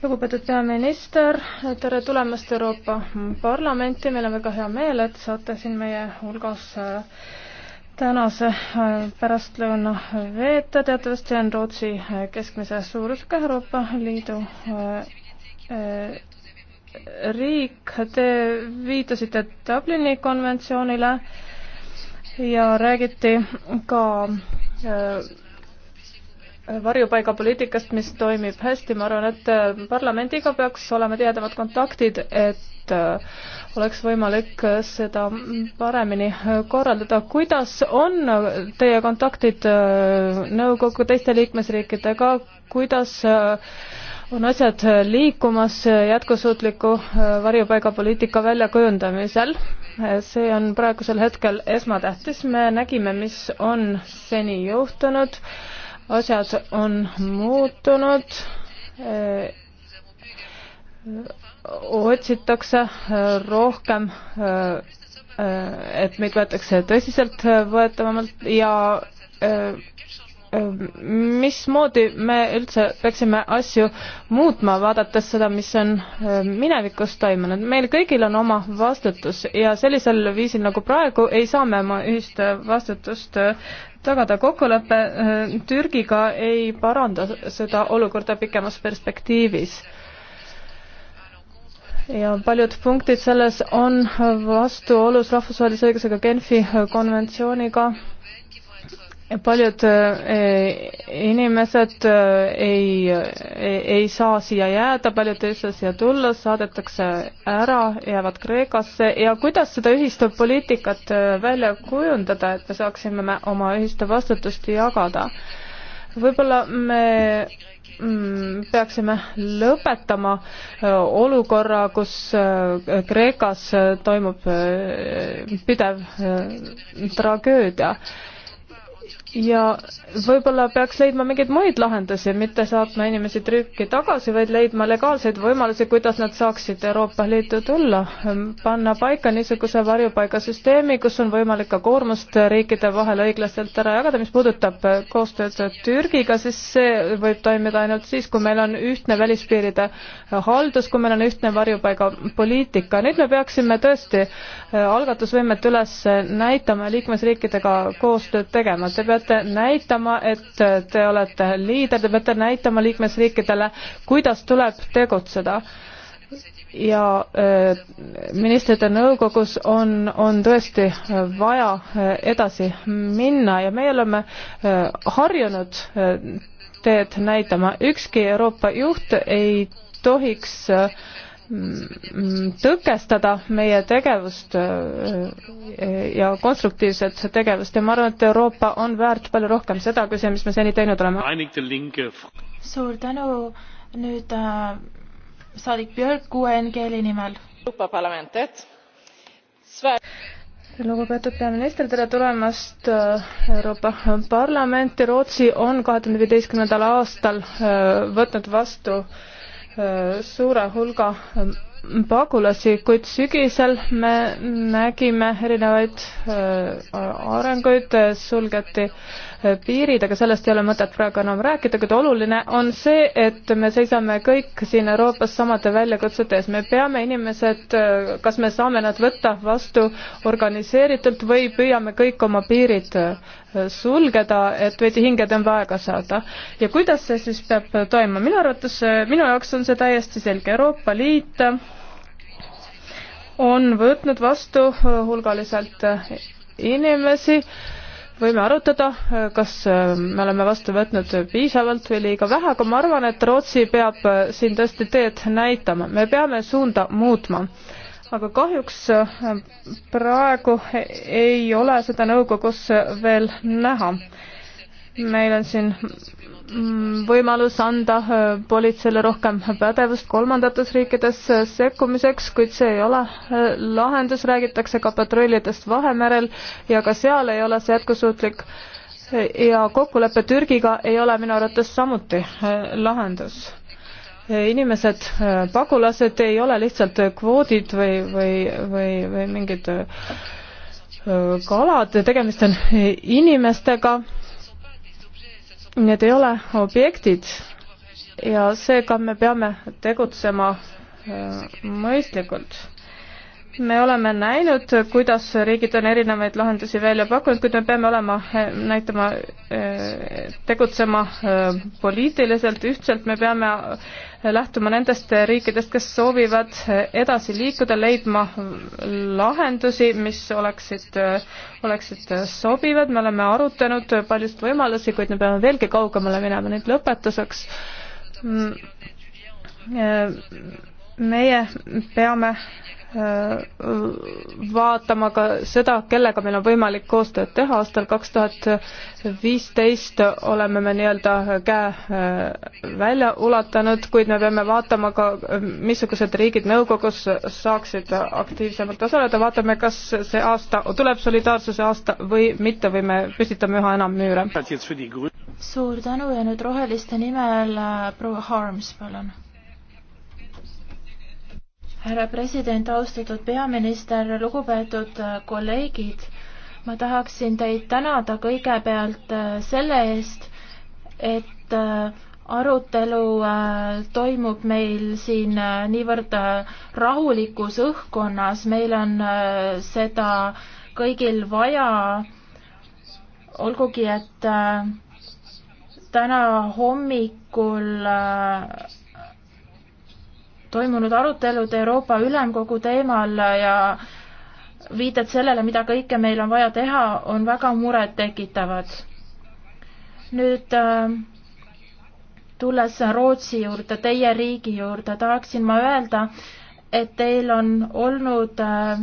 lugupeetud peaminister, tere tulemast Euroopa Parlamenti, meil on väga hea meel, et saate siin meie hulgas äh, tänase äh, pärastlõuna veeta, teatavasti on Rootsi äh, keskmise suurusega Euroopa Liidu riik, te viitasite Dublini konventsioonile ja räägiti ka varjupaigapoliitikast, mis toimib hästi, ma arvan, et äh, parlamendiga peaks olema tihedamad kontaktid, et äh, oleks võimalik äh, seda paremini korraldada. kuidas on teie kontaktid nõukogu teiste liikmesriikidega, kuidas on asjad liikumas jätkusuutliku varjupaigapoliitika väljakujundamisel? see on praegusel hetkel esmatähtis, me nägime, mis on seni juhtunud asjad on muutunud, otsitakse rohkem, et meid võetakse tõsiseltvõetavamalt ja mismoodi me üldse peaksime asju muutma, vaadates seda, mis on äh, minevikus toimunud. meil kõigil on oma vastutus ja sellisel viisil nagu praegu ei saa me oma ühist vastutust äh, tagada. kokkulepe äh, Türgiga ei paranda seda olukorda pikemas perspektiivis ja paljud punktid selles on vastuolus rahvusvahelise õigusega Genfi konventsiooniga paljud eh, eh, inimesed eh, ei, ei, ei saa siia jääda, paljud ei saa siia tulla, saadetakse ära, jäävad Kreekasse ja kuidas seda ühist poliitikat välja kujundada, et me saaksime oma ühist vastutust jagada? võib-olla me mm, peaksime lõpetama olukorra, kus Kreekas toimub pidev tragöödia ja võib-olla peaks leidma mingeid muid lahendusi, mitte saatma inimesi trükki tagasi, vaid leidma legaalseid võimalusi, kuidas nad saaksid Euroopa Liitu tulla, panna paika niisuguse varjupaigasüsteemi, kus on võimalik ka koormust riikide vahel õiglaselt ära jagada, mis puudutab koostööd Türgiga, siis see võib toimida ainult siis, kui meil on ühtne välispiiride haldus, kui meil on ühtne varjupaigapoliitika. nüüd me peaksime tõesti algatusvõimet üles näitama ja liikmesriikidega koostööd tegema. Te peate peate näitama, et te olete liider, te peate näitama liikmesriikidele, kuidas tuleb tegutseda ja äh, ministrite nõukogus on, on tõesti vaja äh, edasi minna ja meie oleme äh, harjunud teed näitama. ükski Euroopa juht ei tohiks tõkestada meie tegevust äh, ja konstruktiivset tegevust ja ma arvan, et Euroopa on väärt palju rohkem seda, kui see, mis me seni teinud oleme. suur tänu, nüüd äh, saadik Björk QNGL-i nimel. lugupeetud peaminister, tere tulemast äh, Euroopa Parlamenti, Rootsi on kahe tuhande viieteistkümnendal aastal äh, võtnud vastu äh, Äh, suure hulga ähm, pagulasi, kuid sügisel me nägime erinevaid äh, arenguid, äh, sulgeti äh, piirid, aga sellest ei ole mõtet praegu enam rääkida, kuid oluline on see, et me seisame kõik siin Euroopas samade väljakutsete ees. me peame inimesed, kas me saame nad võtta vastu organiseeritult või püüame kõik oma piirid sulgeda, et veidi hingetõmbe aega saada. ja kuidas see siis peab toimuma? minu arvates, minu jaoks on see täiesti selge. Euroopa Liit on võtnud vastu hulgaliselt inimesi võime arutada, kas äh, me oleme vastu võtnud piisavalt või liiga vähe, aga ma arvan, et Rootsi peab äh, siin tõesti teed näitama, me peame suunda muutma. aga kahjuks äh, praegu ei ole seda nõukogus veel näha meil on siin võimalus anda äh, politseile rohkem pädevust kolmandates riikides äh, sekkumiseks, kuid see ei ole äh, lahendus, räägitakse ka patrullidest Vahemerel ja ka seal ei ole see jätkusuutlik. ja kokkulepe Türgiga ei ole minu arvates samuti lahendus inimesed, pagulased ei ole lihtsalt kvoodid või, või, või, või mingid kalad, tegemist on inimestega Need ei ole objektid ja seega me peame tegutsema äh, mõistlikult. me oleme näinud, kuidas riigid on erinevaid lahendusi välja pakkunud, kuid me peame olema, äh, näitama, äh, tegutsema poliitiliselt ühtselt, me peame lähtuma nendest riikidest, kes soovivad edasi liikuda, leidma lahendusi, mis oleksid, oleksid sobivad, me oleme arutanud paljust võimalusi, kuid me peame veelgi kaugemale minema, nüüd lõpetuseks mm, meie peame äh, vaatama ka seda, kellega meil on võimalik koostööd teha, aastal kaks tuhat viisteist oleme me nii-öelda käe äh, välja ulatanud, kuid me peame vaatama ka, missugused riigid nõukogus saaksid aktiivsemalt osaleda, vaatame, kas see aasta tuleb solidaarsuse aasta või mitte või me püstitame üha enam müüre. suur tänu ja nüüd roheliste nimel äh, proua Harms, palun härra president, austatud peaminister, lugupeetud äh, kolleegid, ma tahaksin teid tänada kõigepealt äh, selle eest, et äh, arutelu toimub meil siin niivõrd rahulikus õhkkonnas, meil on seda kõigil vaja, olgugi et täna hommikul toimunud arutelud Euroopa Ülemkogu teemal ja viited sellele, mida kõike meil on vaja teha, on väga murettekitavad. nüüd äh, tulles Rootsi juurde, teie riigi juurde, tahaksin ma öelda, et teil on olnud äh,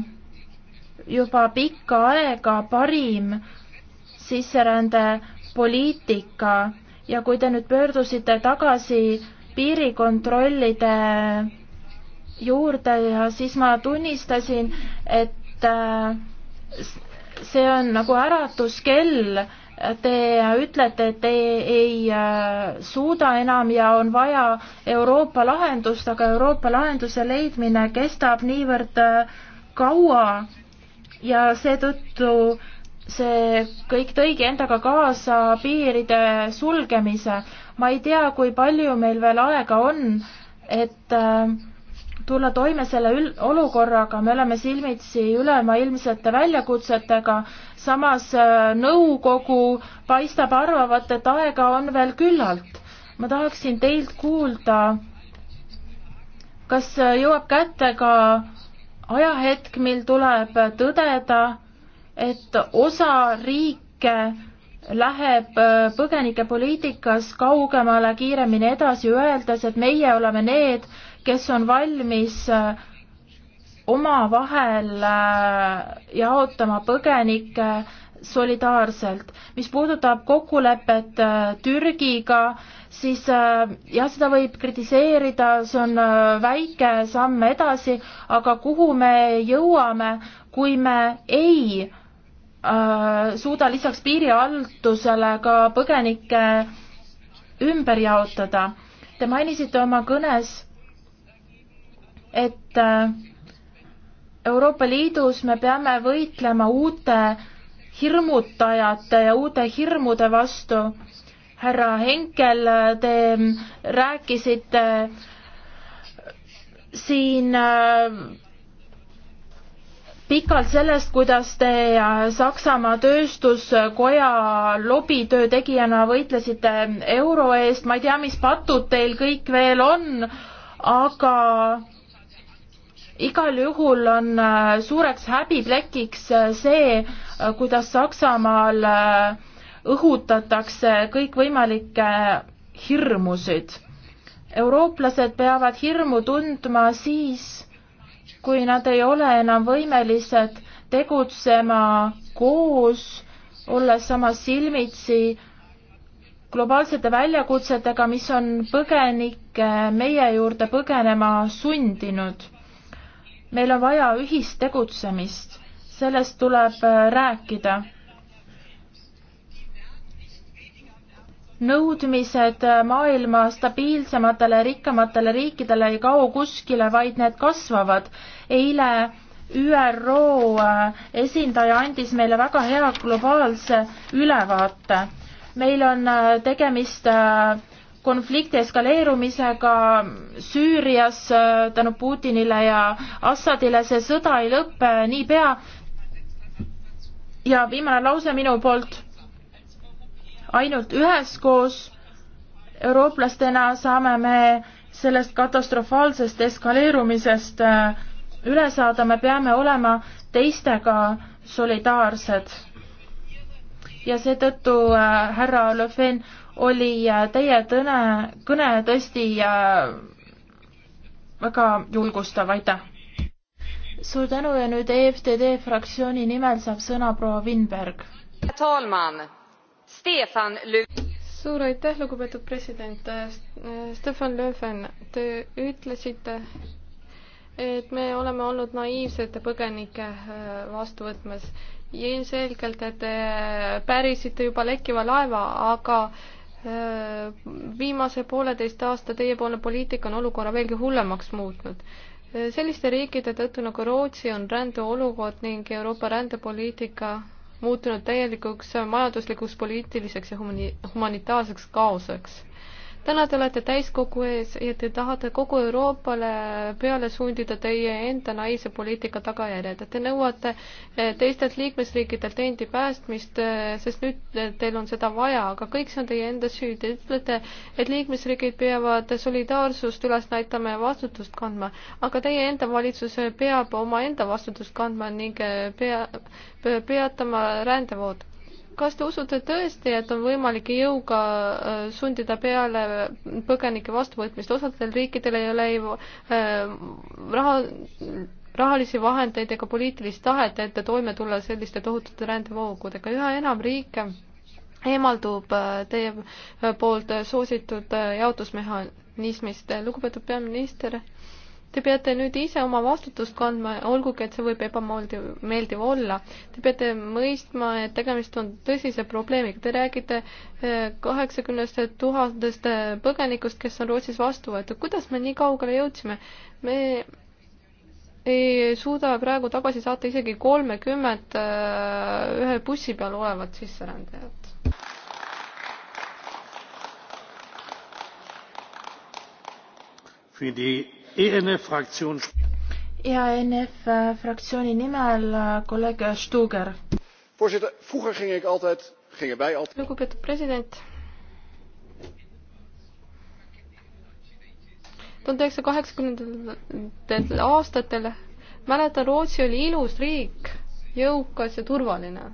juba pikka aega parim sisserändepoliitika ja kui te nüüd pöördusite tagasi piirikontrollide juurde ja siis ma tunnistasin, et äh, see on nagu äratuskell. Te ütlete, et te ei äh, suuda enam ja on vaja Euroopa lahendust, aga Euroopa lahenduse leidmine kestab niivõrd äh, kaua ja seetõttu see kõik tõigi endaga kaasa piiride sulgemise. ma ei tea, kui palju meil veel aega on, et äh, tulla toime selle olukorraga, me oleme silmitsi ülemaailmsete väljakutsetega, samas äh, nõukogu paistab arvavat, et aega on veel küllalt. ma tahaksin teilt kuulda, kas äh, jõuab kätte ka ajahetk, mil tuleb tõdeda, et osa riike läheb äh, põgenikepoliitikas kaugemale kiiremini edasi, öeldes, et meie oleme need, kes on valmis äh, omavahel äh, jaotama põgenikke solidaarselt. mis puudutab kokkulepet äh, Türgiga, siis jah, seda võib kritiseerida, see on väike samm edasi, aga kuhu me jõuame, kui me ei äh, suuda lisaks piirialtusele ka põgenikke ümber jaotada. Te mainisite oma kõnes et äh, Euroopa Liidus me peame võitlema uute hirmutajate ja uute hirmude vastu. härra Henkel, te rääkisite äh, siin äh, pikalt sellest, kuidas te Saksamaa tööstuskoja lobitöö tegijana võitlesite euro eest, ma ei tea, mis patud teil kõik veel on, aga igal juhul on äh, suureks häbiplekiks äh, see, äh, kuidas Saksamaal õhutatakse kõikvõimalikke hirmusid. eurooplased peavad hirmu tundma siis, kui nad ei ole enam võimelised tegutsema koos, olles samas silmitsi globaalsete väljakutsetega, mis on põgenikke meie juurde põgenema sundinud meil on vaja ühist tegutsemist, sellest tuleb äh, rääkida. nõudmised äh, maailma stabiilsematele, rikkamatele riikidele ei kao kuskile, vaid need kasvavad. eile ÜRO äh, esindaja andis meile väga hea globaalse ülevaate. meil on tegemist äh, konflikti eskaleerumisega Süürias äh, tänu Putinile ja Assadile, see sõda ei lõpe niipea. ja viimane lause minu poolt. ainult üheskoos eurooplastena saame me sellest katastrofaalsest eskaleerumisest äh, üle saada, me peame olema teistega solidaarsed. ja seetõttu äh, härra Le Pen oli teie tõne, kõne tõesti väga julgustav, aitäh! suur tänu ja nüüd EFTD fraktsiooni nimel saab sõna proua Winberg. suur aitäh, lugupeetud president. Stefan Löfven, te ütlesite, et me oleme olnud naiivsete põgenike äh, vastuvõtmes. ilmselgelt, et te pärisite juba lekkiva laeva, aga Äh, viimase pooleteist aasta teiepoolne poliitika on olukorra veelgi hullemaks muutnud. Äh, selliste riikide tõttu nagu Rootsi on rändeolukord ning Euroopa rändepoliitika muutunud täielikuks majanduslikuks, poliitiliseks ja humani-, humanitaarseks kaoseks täna te olete täiskogu ees ja te tahate kogu Euroopale peale sundida teie enda naise poliitika tagajärjed. Te nõuate eh, teistelt liikmesriikidelt endi päästmist, eh, sest nüüd eh, teil on seda vaja, aga kõik see on teie enda süü. Te ütlete, et liikmesriigid peavad solidaarsust üles näitama ja vastutust kandma, aga teie enda valitsus peab omaenda vastutust kandma ning pea, peatama rändevood kas te usute tõesti, et on võimalik jõuga äh, sundida peale põgenike vastuvõtmist, osadel riikidel ei ole ei äh, raha, rahalisi vahendeid ega poliitilist tahet, et toime tulla selliste tohutute rändevoogudega, üha enam riike eemaldub äh, teie poolt soositud jaotusmehhanismist. lugupeetud peaminister, Te peate nüüd ise oma vastutust kandma, olgugi et see võib ebameeldiv olla. Te peate mõistma, et tegemist on tõsise probleemiga. Te räägite eh, kaheksakümnest tuhandest eh, põgenikust, kes on Rootsis vastu võetud. kuidas me nii kaugele jõudsime? me ei suuda praegu tagasi saata isegi kolmekümmet eh, ühe bussi peal olevat sisserändajat. für die ENF fraktsioon. ja e ENF äh, fraktsiooni nimel äh, kolleeg Stuger. voorzitter, vroeger ging ik altijd, gingen wij altijd. lugupeetud president. tuhande üheksasaja kaheksakümnendatel aastatel mäletan, Rootsi oli ilus riik, jõukas ja turvaline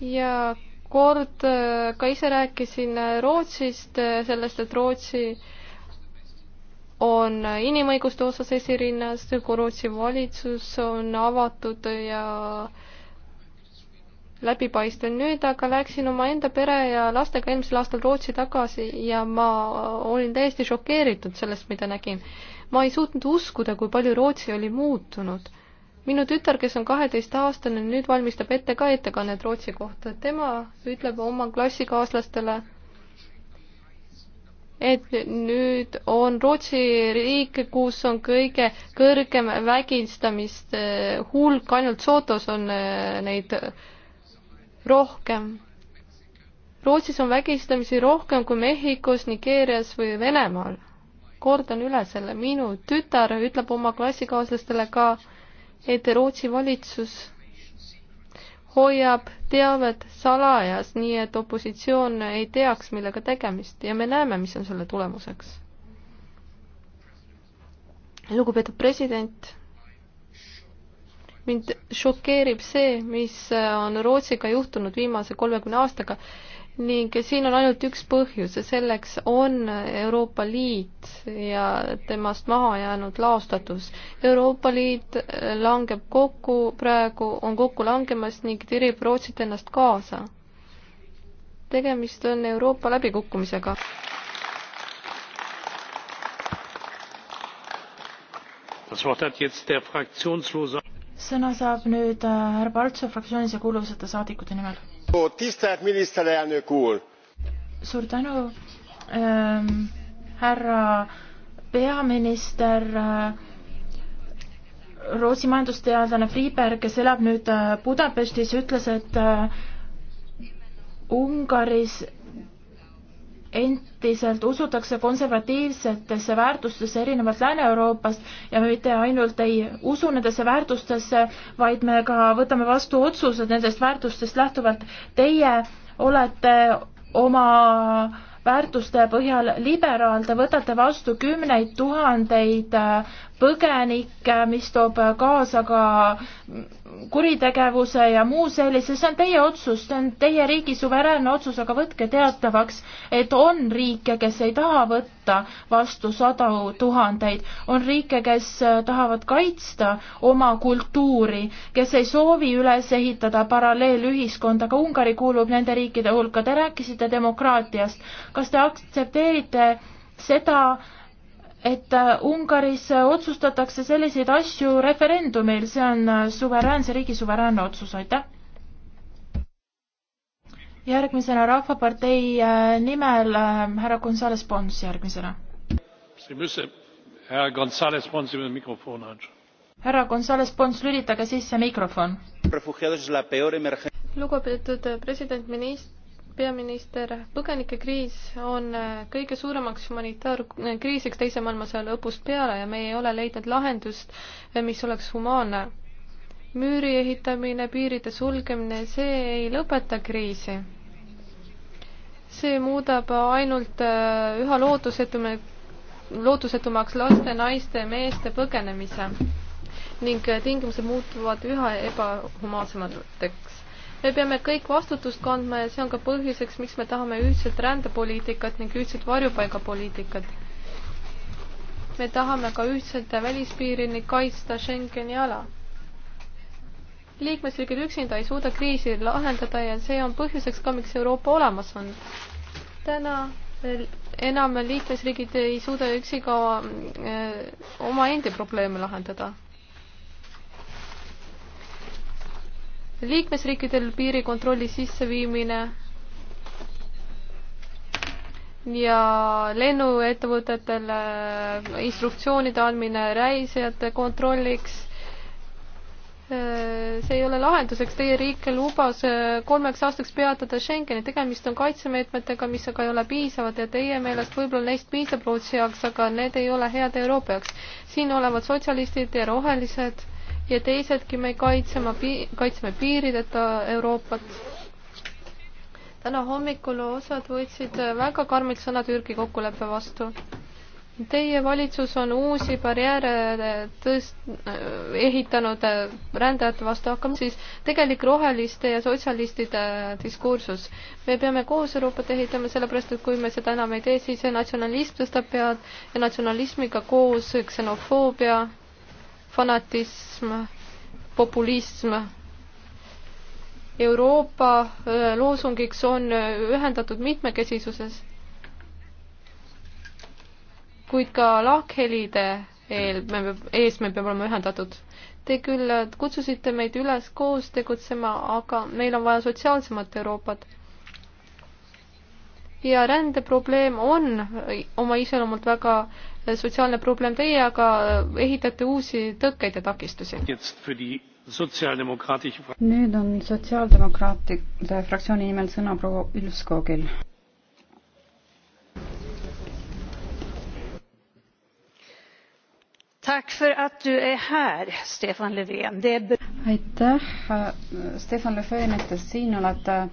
ja kord äh, ka ise rääkisin äh, Rootsist, äh, sellest, et Rootsi on inimõiguste osas esirinnas, kui Rootsi valitsus on avatud ja läbipaistev. nüüd aga läksin omaenda pere ja lastega eelmisel aastal Rootsi tagasi ja ma olin täiesti šokeeritud sellest, mida nägin. ma ei suutnud uskuda, kui palju Rootsi oli muutunud minu tütar, kes on kaheteistaastane, nüüd valmistab ette ka ettekannet Rootsi kohta. tema ütleb oma klassikaaslastele, et nüüd on Rootsi riik, kus on kõige kõrgem vägistamist eh, hulk, ainult Sootos on eh, neid rohkem. Rootsis on vägistamisi rohkem kui Mehhikos, Nigeerias või Venemaal. kordan üle selle, minu tütar ütleb oma klassikaaslastele ka, et Rootsi valitsus hoiab teavet salajas, nii et opositsioon ei teaks, millega tegemist ja me näeme, mis on selle tulemuseks. lugupeetud president, mind šokeerib see, mis on Rootsiga juhtunud viimase kolmekümne aastaga ning siin on ainult üks põhjus ja selleks on Euroopa Liit ja temast maha jäänud laostatus. Euroopa Liit langeb kokku, praegu on kokku langemas ning tirib Rootsit ennast kaasa. tegemist on Euroopa läbikukkumisega. sõna saab nüüd äh, härra Paltso fraktsioonilise kuuluvuseta saadikute nimel tisztelt miniszterelnök úr! suur tänu ähm,, härra peaminister äh,. Rootsi majandusteadlane Friberg, kes elab nüüd äh, Budapestis, ütles, et äh, Ungaris endiselt usutakse konservatiivsetesse väärtustesse erinevalt Lääne-Euroopast ja me mitte ainult ei usu nendesse väärtustesse, vaid me ka võtame vastu otsused nendest väärtustest lähtuvalt. Teie olete oma väärtuste põhjal liberaal, te võtate vastu kümneid tuhandeid põgenikke, mis toob kaasa ka kuritegevuse ja muu sellise, see on teie otsus, see on teie riigi suveräänne otsus, aga võtke teatavaks, et on riike, kes ei taha võtta vastu sadu tuhandeid, on riike, kes tahavad kaitsta oma kultuuri, kes ei soovi üles ehitada paralleelühiskonda, ka Ungari kuulub nende riikide hulka, te rääkisite demokraatiast, kas te aktsepteerite seda, et äh, Ungaris äh, otsustatakse selliseid asju referendumil, see on äh, suveräänse riigi suveräänne otsus, aitäh. järgmisena Rahvapartei nimel härra Gonzales Pons järgmisena. härra Gonzales Pons, lülitage sisse mikrofon. lugupeetud president, minister peaminister, põgenikekriis on äh, kõige suuremaks humanitaarkriisiks Teise maailmasõja lõpust peale ja me ei ole leidnud lahendust, äh, mis oleks humaanne. müüri ehitamine, piiride sulgemine, see ei lõpeta kriisi. see muudab ainult äh, üha lootusetume, lootusetumaks laste, naiste, meeste põgenemise ning tingimused muutuvad üha ebahumaansemateks me peame kõik vastutust kandma ja see on ka põhjuseks, miks me tahame ühtset rändepoliitikat ning ühtset varjupaigapoliitikat. me tahame ka ühtselt välispiiri ning kaitsta Schengeni ala. liikmesriigid üksinda ei suuda kriisi lahendada ja see on põhjuseks ka, miks Euroopa olemas on. täna enam liikmesriigid ei suuda üksi ka mm, eh, omaenda probleeme lahendada liikmesriikidel piirikontrolli sisseviimine ja lennuettevõtetele äh, instruktsioonide andmine reisijate kontrolliks. Äh, see ei ole lahenduseks, teie riik lubas äh, kolmeks aastaks peatada Schengeni, tegemist on kaitsemeetmetega, mis aga ei ole piisavad ja teie meelest võib-olla neist piisab Rootsi jaoks, aga need ei ole head Euroopa jaoks. siin olevad sotsialistid ja rohelised ja teisedki me kaitsema, kaitseme piirideta Euroopat. täna hommikul osad võtsid väga karmid sõnad Türgi kokkuleppe vastu. Teie valitsus on uusi barjääre tõst-, ehitanud rändajate vastu, hakkame siis tegelik roheliste ja sotsialistide diskursus. me peame koos Euroopat ehitama, sellepärast et kui me seda enam ei tee, siis natsionalism tõstab pead ja natsionalismiga koos ksenofoobia fanatism, populism. Euroopa äh, loosungiks on äh, ühendatud mitmekesisuses, kuid ka lahkhelide eel me, ees me peame olema ühendatud. Te küll äh, kutsusite meid üles koos tegutsema, aga meil on vaja sotsiaalsemat Euroopat. ja rändeprobleem on oma iseloomult väga äh, sotsiaalne probleem, teie aga ehitate uusi tõkkeid ja takistusi. nüüd on sotsiaaldemokraatide fraktsiooni nimel sõna proua Ülskogil. aitäh, Stefan Löfven, et te siin olete.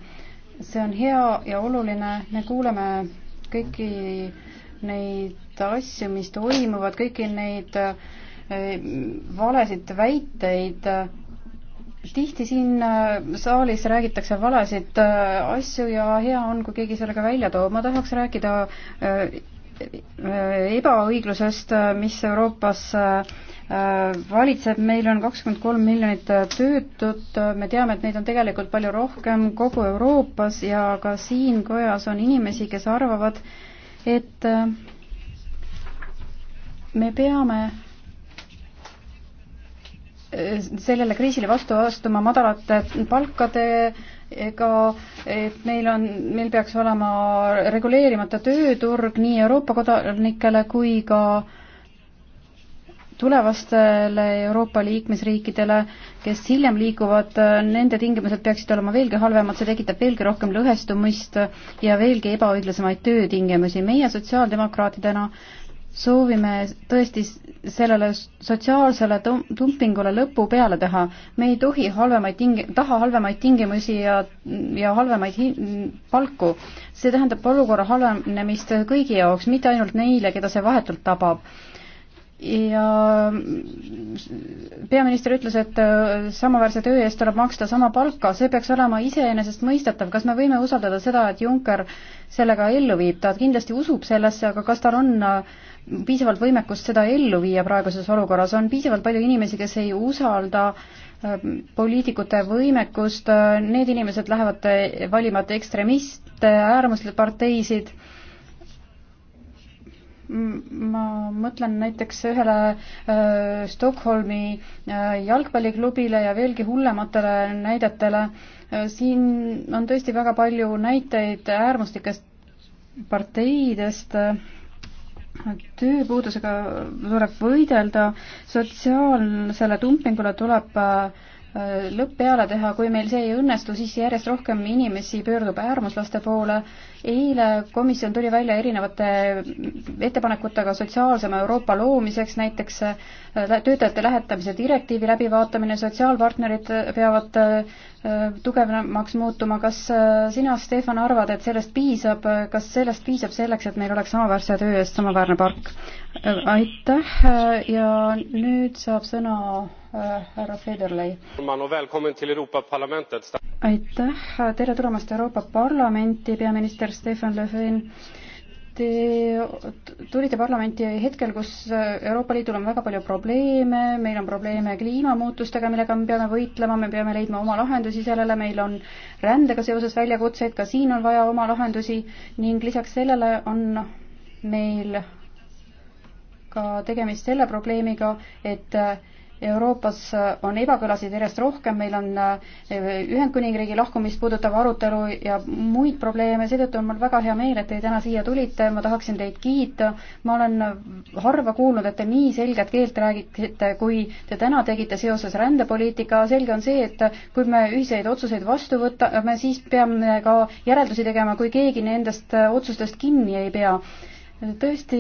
see on hea ja oluline, me kuuleme kõiki neid asju, mis toimuvad, kõiki neid eh, valesid väiteid. tihti siin eh, saalis räägitakse valesid eh, asju ja hea on, kui keegi sellega välja toob. ma tahaks rääkida ebaõiglusest, mis Euroopas valitseb, meil on kakskümmend kolm miljonit töötut, me teame, et neid on tegelikult palju rohkem kogu Euroopas ja ka siin kojas on inimesi, kes arvavad, et me peame äh, sellele kriisile vastu astuma madalate palkadega, et meil on, meil peaks olema reguleerimata tööturg nii Euroopa kodanikele kui ka tulevastele Euroopa liikmesriikidele, kes hiljem liiguvad, nende tingimused peaksid olema veelgi halvemad, see tekitab veelgi rohkem lõhestumist ja veelgi ebaõiglasemaid töötingimusi. meie sotsiaaldemokraatidena soovime tõesti sellele sotsiaalsele dumpingule lõpu peale teha. me ei tohi halvemaid ting-, taha halvemaid tingimusi ja, ja halvemaid hin-, palku. see tähendab olukorra halvenemist kõigi jaoks, mitte ainult neile, keda see vahetult tabab ja peaminister ütles, et äh, samaväärse töö eest tuleb maksta sama palka, see peaks olema iseenesestmõistetav, kas me võime usaldada seda, et Juncker sellega ellu viib, ta kindlasti usub sellesse, aga kas tal on äh, piisavalt võimekust seda ellu viia praeguses olukorras, on piisavalt palju inimesi, kes ei usalda äh, poliitikute võimekust, need inimesed lähevad äh, valima ekstremiste, äärmusparteisid, ma mõtlen näiteks ühele äh, Stockholmi äh, jalgpalliklubile ja veelgi hullematele näidetele äh,. siin on tõesti väga palju näiteid äärmuslikest parteidest äh,, tööpuudusega tuleb võidelda, sotsiaalsele dumpingule tuleb äh, lõpp peale teha, kui meil see ei õnnestu, siis järjest rohkem inimesi pöördub äärmuslaste poole. eile komisjon tuli välja erinevate ettepanekutega sotsiaalsema Euroopa loomiseks, näiteks äh, töötajate lähetamise direktiivi läbivaatamine, sotsiaalpartnerid äh, peavad äh, tugevamaks muutuma. kas äh, sina, Stefan, arvad, et sellest piisab, kas sellest piisab selleks, et meil oleks samaväärse töö eest samaväärne palk? aitäh ja nüüd saab sõna härra Federley. aitäh, tere tulemast Euroopa Parlamenti, peaminister Stefan Löfven Te tulite parlamenti hetkel, kus Euroopa Liidul on väga palju probleeme, meil on probleeme kliimamuutustega, millega me peame võitlema, me peame leidma oma lahendusi sellele, meil on rändega seoses väljakutseid, ka siin on vaja oma lahendusi ning lisaks sellele on meil ka tegemist selle probleemiga, et äh, Euroopas on ebakõlasid järjest rohkem, meil on eh, Ühendkuningriigi lahkumist puudutav arutelu ja muid probleeme, seetõttu on mul väga hea meel, et te täna siia tulite, ma tahaksin teid kiita. ma olen harva kuulnud, et te nii selget keelt räägite, kui te täna tegite seoses rändepoliitikaga. selge on see, et kui me ühiseid otsuseid vastu võtame, siis peame ka järeldusi tegema, kui keegi nendest otsustest kinni ei pea. tõesti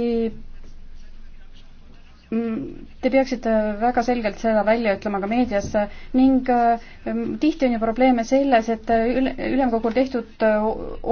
mm, Te peaksite väga selgelt seda välja ütlema ka meedias ning äh, tihti on ju probleeme selles, et äh, ülemkogul tehtud äh,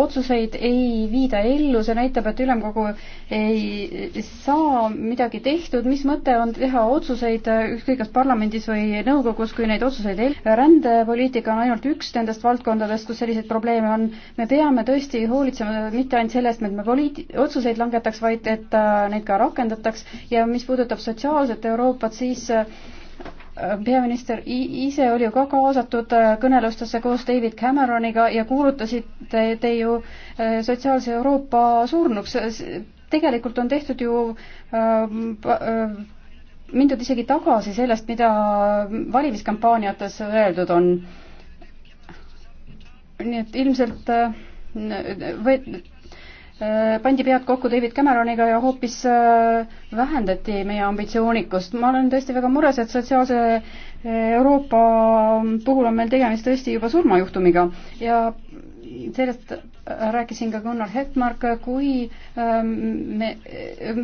otsuseid ei viida ellu, see näitab, et ülemkogu ei saa midagi tehtud, mis mõte on teha otsuseid ükskõik kas parlamendis või nõukogus, kui neid otsuseid ei rändepoliitika on ainult üks nendest valdkondadest, kus selliseid probleeme on. me peame tõesti hoolitsema mitte ainult selle eest, et me poliit-, otsuseid langetaks, vaid et neid ka rakendataks ja mis puudutab sotsiaalset Euroopa Euroopat, siis äh, peaminister ise oli ju ka kaasatud äh, kõnelustesse koos David Cameroniga ja kuulutasite te ju äh, sotsiaalse Euroopa surnuks. tegelikult on tehtud ju mindud isegi tagasi sellest, mida valimiskampaaniates öeldud on. nii et ilmselt või Äh, pandi pead kokku David Cameroniga ja hoopis äh, vähendati meie ambitsioonikust. ma olen tõesti väga mures, et sotsiaalse äh, Euroopa puhul on meil tegemist tõesti juba surmajuhtumiga ja sellest rääkisin ka Gunnar Hetmark, kui ähm, me,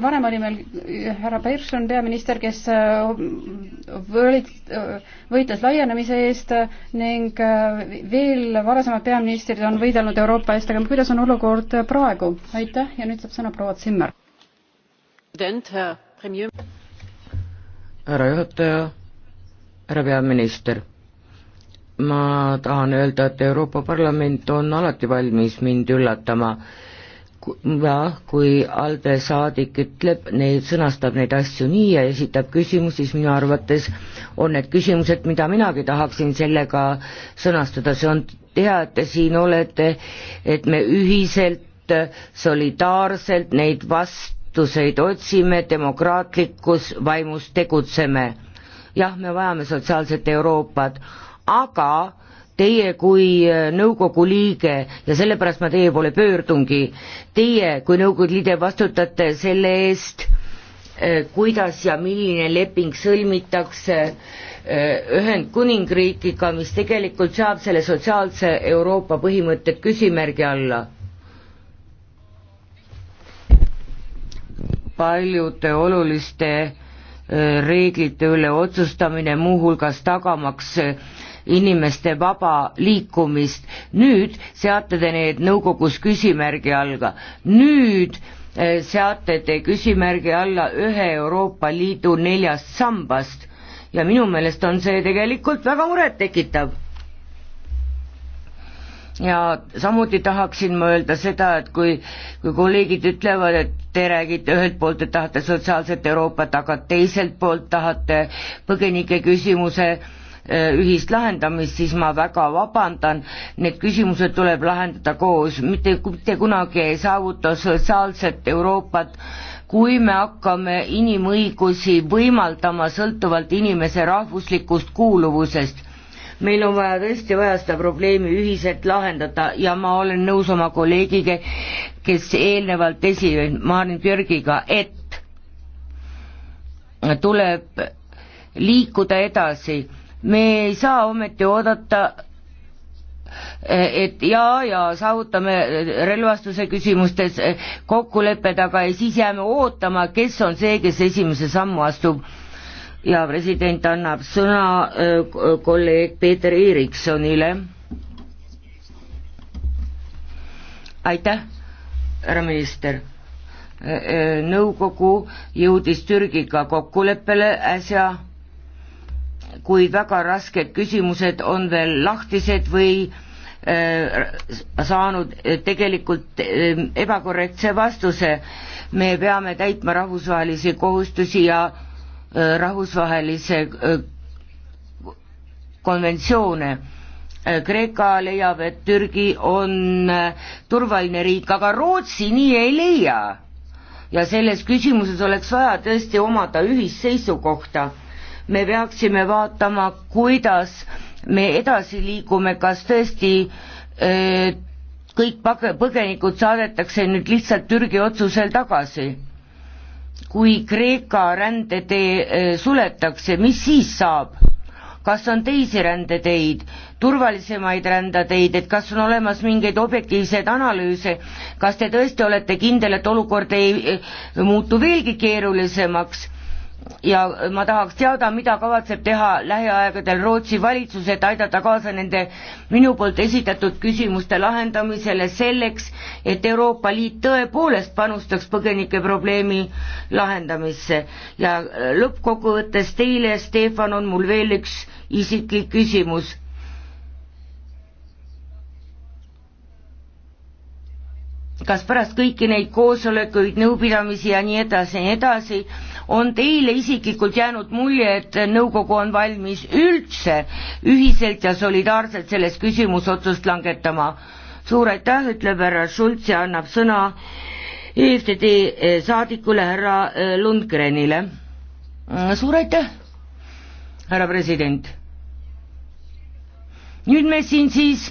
varem oli meil härra Persson peaminister, kes äh, võlit-, võitles laienemise eest ning äh, veel varasemad peaministrid on võidelnud Euroopa eest, aga kuidas on olukord praegu? aitäh ja nüüd saab sõna proua Zimmer. Äh, härra juhataja, härra peaminister ma tahan öelda, et Euroopa Parlament on alati valmis mind üllatama. jah, kui ALDE saadik ütleb, neid, sõnastab neid asju nii ja esitab küsimusi, siis minu arvates on need küsimused, mida minagi tahaksin sellega sõnastada, see on hea, et te siin olete, et me ühiselt, solidaarselt neid vastuseid otsime, demokraatlikus vaimus tegutseme. jah, me vajame sotsiaalset Euroopat aga teie kui äh, nõukogu liige ja sellepärast ma teie poole pöördungi, teie kui nõukogu liige vastutate selle eest, äh, kuidas ja milline leping sõlmitakse äh, Ühendkuningriigiga, mis tegelikult seab selle sotsiaalse Euroopa põhimõtted küsimärgi alla. paljude oluliste reeglite üle otsustamine, muuhulgas tagamaks inimeste vaba liikumist. nüüd seate te need nõukogus küsimärgi alla. nüüd eh, seate te küsimärgi alla ühe Euroopa Liidu neljast sambast ja minu meelest on see tegelikult väga murettekitav. ja samuti tahaksin ma öelda seda, et kui, kui kolleegid ütlevad, et te räägite ühelt poolt, et tahate sotsiaalset Euroopat, aga teiselt poolt tahate põgenike küsimuse äh, Äh, ühist lahendamist, siis ma väga vabandan, need küsimused tuleb lahendada koos, mitte, mitte kunagi ei saavuta sotsiaalset Euroopat, kui me hakkame inimõigusi võimaldama sõltuvalt inimese rahvuslikust kuuluvusest meil on vaja tõesti vaja seda probleemi ühiselt lahendada ja ma olen nõus oma kolleegiga, kes eelnevalt esilen Maarin Björgiga, et tuleb liikuda edasi me ei saa ometi oodata et jaa, jaa, saavutame relvastuse küsimustes kokkulepped, aga siis jääme ootama, kes on see, kes esimese sammu astub. ja president annab sõna äh, kolleeg Peeter Eriksonile. aitäh, härra minister. Äh, äh, nõukogu jõudis Türgiga kokkuleppele äsja kuid väga rasked küsimused on veel lahtised või äh, saanud äh, tegelikult äh, ebakorrektse vastuse. me peame täitma rahvusvahelisi kohustusi ja rahvusvahelise konventsioone. Kreeka leiab, et Türgi on turvaline riik, aga Rootsi nii ei leia. ja selles küsimuses oleks vaja tõesti omada ühist seisukohta me peaksime vaatama, kuidas me edasi liigume, kas tõesti öö, eh, kõik põgenikud saadetakse nüüd lihtsalt Türgi otsusel tagasi. kui Kreeka rändetee eh, suletakse, mis siis saab? kas on teisi rändeteid, turvalisemaid rändeteid, et kas on olemas mingeid objektiivseid analüüse, kas te tõesti olete kindel, et olukord ei eh, muutu veelgi keerulisemaks ja ma tahaks teada, mida kavatseb teha lähiaegadel Rootsi valitsus, et aidata kaasa nende minu poolt esitatud küsimuste lahendamisele selleks, et Euroopa Liit tõepoolest panustaks põgenike probleemi lahendamisse. ja lõppkokkuvõttes teile, Stefan, on mul veel üks isiklik küsimus. kas pärast kõiki neid koosolekuid, nõupidamisi ja nii edasi ja nii edasi on teile isiklikult jäänud mulje, et nõukogu on valmis üldse ühiselt ja solidaarselt selles küsimus otsust langetama? suur aitäh, ütleb härra Schulz ja annab sõna EFTD e, saadikule härra e, Lundgrenile. Mm, suur aitäh, härra president. nüüd me siin siis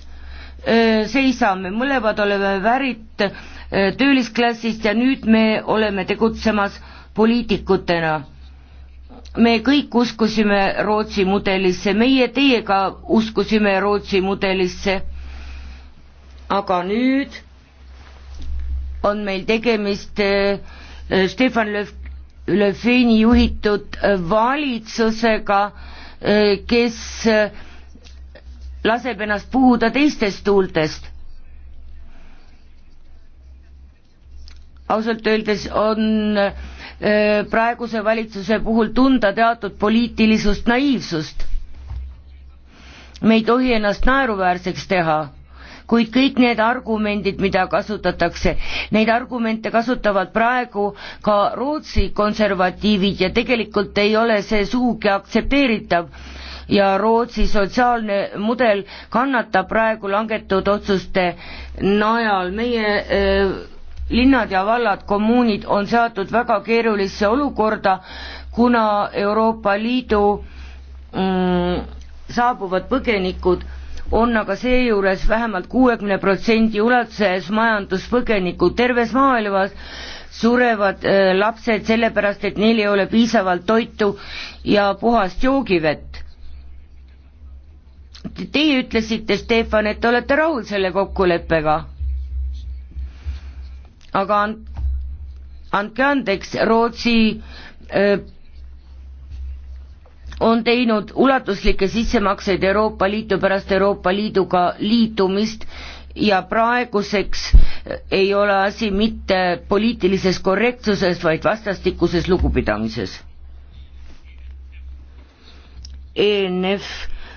e, seisame, mõlemad oleme värit töölisklassist ja nüüd me oleme tegutsemas poliitikutena. me kõik uskusime Rootsi mudelisse, meie teiega uskusime Rootsi mudelisse, aga nüüd on meil tegemist eh, Stefan Löf-, Löfveni juhitud eh, valitsusega, eh, kes laseb ennast puhuda teistest tuultest. ausalt öeldes on Äh, praeguse valitsuse puhul tunda teatud poliitilisust naiivsust. me ei tohi ennast naeruväärseks teha, kuid kõik need argumendid, mida kasutatakse, neid argumente kasutavad praegu ka Rootsi konservatiivid ja tegelikult ei ole see sugugi aktsepteeritav ja Rootsi sotsiaalne mudel kannatab praegu langetud otsuste najal. meie öö, äh, linnad ja vallad, kommuunid on seatud väga keerulisse olukorda, kuna Euroopa Liidu mm, saabuvad põgenikud on aga seejuures vähemalt kuuekümne protsendi ulatuses majanduspõgenikud terves maailmas, surevad äh, lapsed sellepärast, et neil ei ole piisavalt toitu ja puhast joogivett. Teie ütlesite, Stefan, et te olete rahul selle kokkuleppega aga andke andeks, Rootsi öö, on teinud ulatuslikke sissemakseid Euroopa Liitu pärast Euroopa Liiduga liitumist ja praeguseks ei ole asi mitte poliitilises korrektsuses, vaid vastastikuses lugupidamises. ENF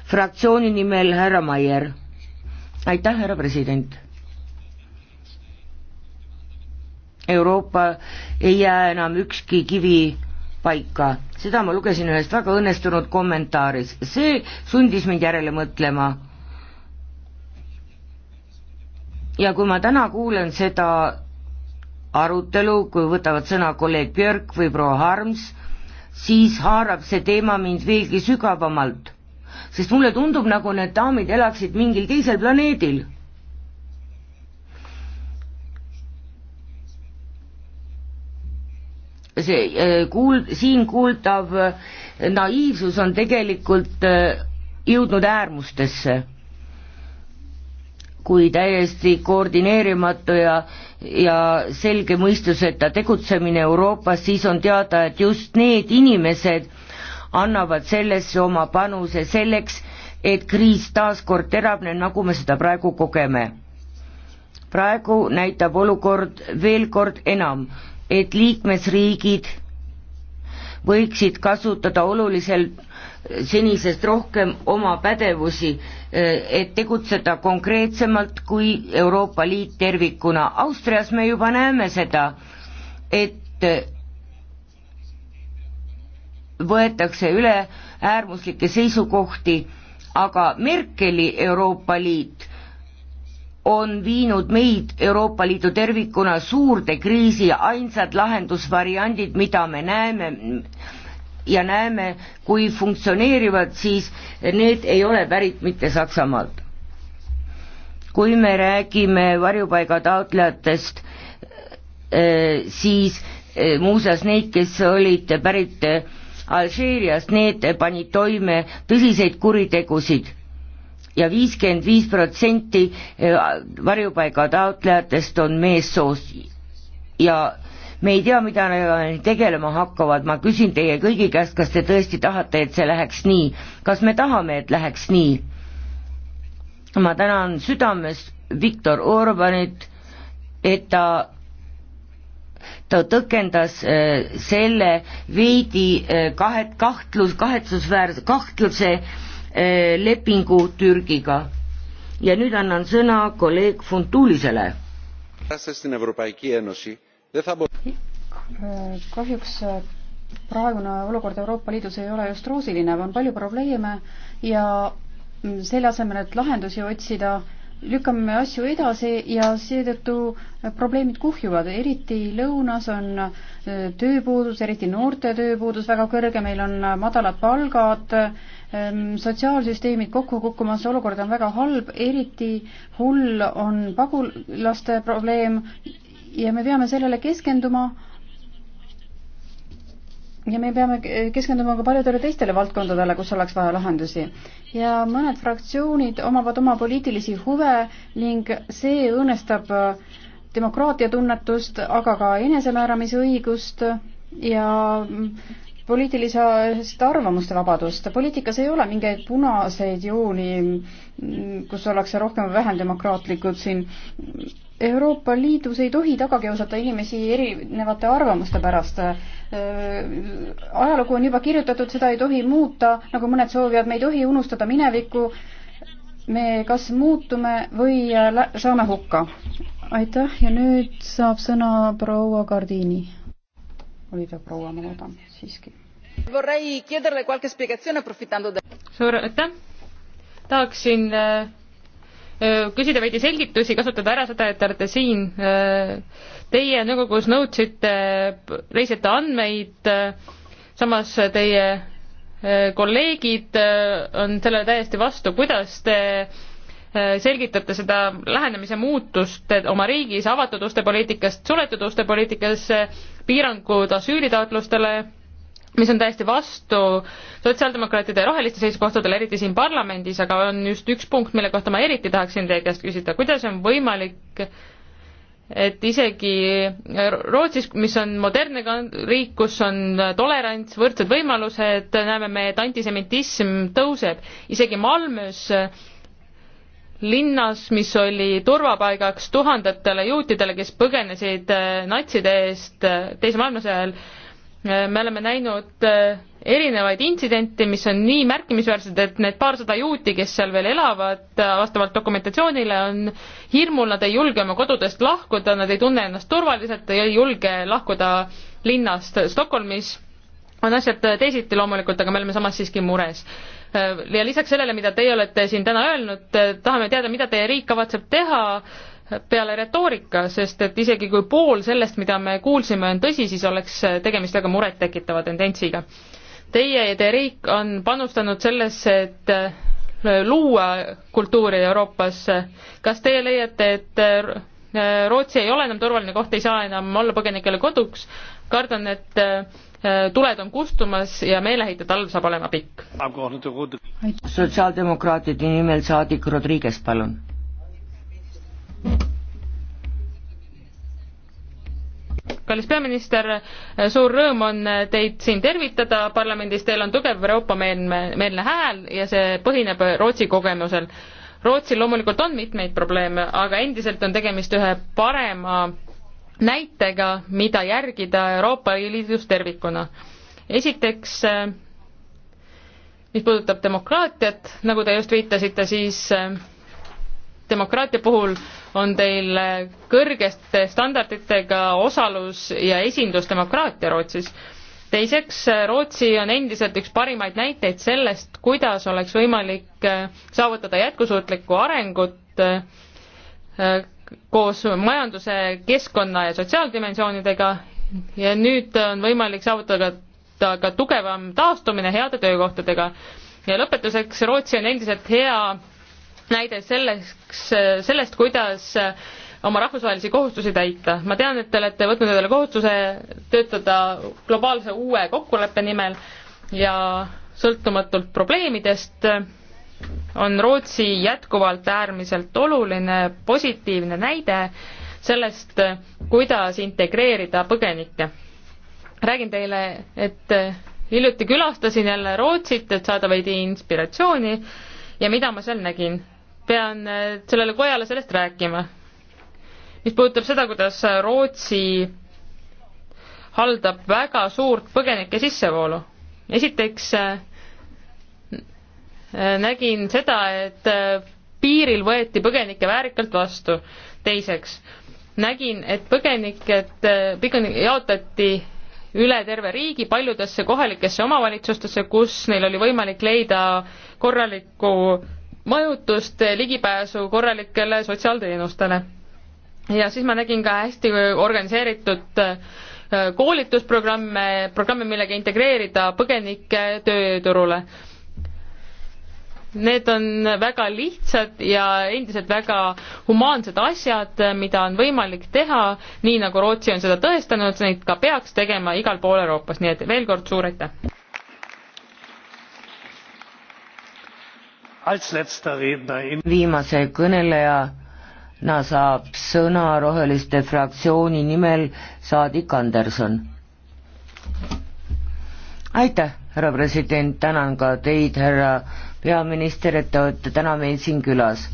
fraktsiooni nimel härra Maier. aitäh, härra president Euroopa ei jää enam ükski kivi paika. seda ma lugesin ühest väga õnnestunud kommentaaris, see sundis mind järele mõtlema. ja kui ma täna kuulen seda arutelu, kui võtavad sõna kolleeg Björk või proua Harms, siis haarab see teema mind veelgi sügavamalt, sest mulle tundub, nagu need daamid elaksid mingil teisel planeedil see äh, kuul-, siin kuuldav äh, naiivsus on tegelikult äh, jõudnud äärmustesse kui täiesti koordineerimatu ja, ja selge mõistuseta tegutsemine Euroopas, siis on teada, et just need inimesed annavad sellesse oma panuse selleks, et kriis taaskord teravneb, nagu me seda praegu kogeme. praegu näitab olukord veel kord enam, et liikmesriigid võiksid kasutada olulisel senisest rohkem oma pädevusi, eh, et tegutseda konkreetsemalt kui Euroopa Liit tervikuna. Austrias me juba näeme seda, et eh, võetakse üle äärmuslikke seisukohti, aga Merkeli Euroopa Liit on viinud meid, Euroopa Liidu tervikuna, suurde kriisi, ainsad lahendusvariandid, mida me näeme ja näeme, kui funktsioneerivad, siis need ei ole pärit mitte Saksamaalt. kui me räägime varjupaiga taotlejatest, eh, siis eh, muuseas neid, kes olid pärit eh, Alžeeriast, need panid toime tõsiseid kuritegusid ja viiskümmend viis protsenti eh, varjupaiga taotlejatest on meessoost ja me ei tea, mida nad tegelema hakkavad, ma küsin teie kõigi käest, kas te tõesti tahate, et see läheks nii, kas me tahame, et läheks nii? ma tänan südames Viktor Orbanit, et ta ta tõkendas eh, selle veidi eh, kahet-, kahtlus, kahetsusväärse, kahtluse Eh, lepingu Türgiga. ja nüüd annan sõna kolleeg Funtulisele. kahjuks eh, praegune olukord Euroopa Liidus ei ole just roosiline, on palju probleeme ja mm, selle asemel, et lahendusi otsida, lükkame asju edasi ja seetõttu eh, probleemid kuhjuvad, eriti lõunas on tööpuudus, eriti noorte tööpuudus väga kõrge, meil on madalad palgad, Ehm, sotsiaalsüsteemid kokku kukkumas, olukord on väga halb, eriti hull on pagulaste probleem ja me peame sellele keskenduma. ja me peame keskenduma ka paljudele teistele valdkondadele, kus oleks vaja lahendusi. ja mõned fraktsioonid omavad oma poliitilisi huve ning see õõnestab äh, demokraatia tunnetust, aga ka enesemääramisõigust ja mm, poliitilisest arvamuste vabadust. poliitikas ei ole mingeid punaseid jooni, kus ollakse rohkem või vähem demokraatlikud siin. Euroopa Liidus ei tohi taga kiusata inimesi erinevate arvamuste pärast. ajalugu on juba kirjutatud, seda ei tohi muuta, nagu mõned soovivad, me ei tohi unustada minevikku. me kas muutume või saame hukka. aitäh ja nüüd saab sõna proua Gardiini Olivia proua, ma loodan siiski. suur aitäh! tahaksin äh, äh, küsida veidi selgitusi, kasutada ära seda, et te olete siin. Äh, teie nõukogus nõudsite reisijate andmeid, samas teie kolleegid on sellele täiesti vastu, kuidas te selgitate seda lähenemise muutust oma riigis avatud uste poliitikast suletud uste poliitikasse piirangud asüülitaotlustele, mis on täiesti vastu sotsiaaldemokraatide ja roheliste seisukohtadele, eriti siin parlamendis, aga on just üks punkt, mille kohta ma eriti tahaksin teie käest küsida, kuidas on võimalik et isegi Rootsis, mis on modernne riik, kus on tolerants, võrdsed võimalused, näeme me, et antisemitism tõuseb. isegi Malmös linnas, mis oli turvapaigaks tuhandetele juutidele, kes põgenesid äh, natside eest äh, Teise maailmasõja ajal. Äh, me oleme näinud erinevaid intsidente, mis on nii märkimisväärsed, et need paarsada juuti, kes seal veel elavad, vastavalt dokumentatsioonile, on hirmul, nad ei julge oma kodudest lahkuda, nad ei tunne ennast turvaliselt, ei julge lahkuda linnast Stockholmis on asjad teisiti loomulikult, aga me oleme samas siiski mures ja lisaks sellele, mida teie olete siin täna öelnud, eh, tahame teada, mida teie riik kavatseb teha peale retoorika, sest et isegi kui pool sellest, mida me kuulsime, on tõsi, siis oleks eh, tegemist väga murettekitava tendentsiga. Teie ja teie riik on panustanud sellesse, et eh, luua kultuuri Euroopas. kas teie leiate, et Rootsi ei ole enam turvaline koht, ei saa enam olla põgenikele koduks? kardan, et Äh, tuled on kustumas ja meeleheite talv saab olema pikk. sotsiaaldemokraatide nimel saadik Rodriguez, palun. kallis peaminister, äh, suur rõõm on äh, teid siin tervitada parlamendis, teil on tugev Euroopa-meelne, meelne hääl ja see põhineb Rootsi kogemusel. Rootsil loomulikult on mitmeid probleeme, aga endiselt on tegemist ühe parema näitega, mida järgida Euroopa Liidus tervikuna. esiteks, mis puudutab demokraatiat, nagu te just viitasite, siis demokraatia puhul on teil kõrgeste standarditega osalus ja esindusdemokraatia Rootsis. teiseks, Rootsi on endiselt üks parimaid näiteid sellest, kuidas oleks võimalik saavutada jätkusuutlikku arengut koos majanduse, keskkonna ja sotsiaaldimensioonidega ja nüüd on võimalik saavutada ka, ka tugevam taastumine heade töökohtadega. ja lõpetuseks, Rootsi on endiselt hea näide selleks, sellest, kuidas oma rahvusvahelisi kohustusi täita. ma tean, et te olete võtnud endale kohustuse töötada globaalse uue kokkuleppe nimel ja sõltumatult probleemidest on Rootsi jätkuvalt äärmiselt oluline positiivne näide sellest, kuidas integreerida põgenikke. räägin teile, et hiljuti külastasin jälle Rootsit, et saada veidi inspiratsiooni ja mida ma seal nägin. pean äh, sellele kojale sellest rääkima. mis puudutab seda, kuidas Rootsi haldab väga suurt põgenike sissevoolu. esiteks äh, nägin seda, et äh, piiril võeti põgenikke väärikalt vastu. teiseks, nägin, et põgenikud, äh, põgenikud jaotati üle terve riigi paljudesse kohalikesse omavalitsustesse, kus neil oli võimalik leida korralikku majutust, ligipääsu korralikele sotsiaalteenustele. ja siis ma nägin ka hästi organiseeritud äh, koolitusprogramme, programme, millega integreerida põgenikke tööturule Need on väga lihtsad ja endiselt väga humaansed asjad, mida on võimalik teha, nii nagu Rootsi on seda tõestanud, neid ka peaks tegema igal pool Euroopas, nii et veel kord suur aitäh! viimase kõnelejana saab sõna Roheliste fraktsiooni nimel saadik Anderson. aitäh! härra president, tänan ka teid, härra peaminister, et te olete täna meil siin külas.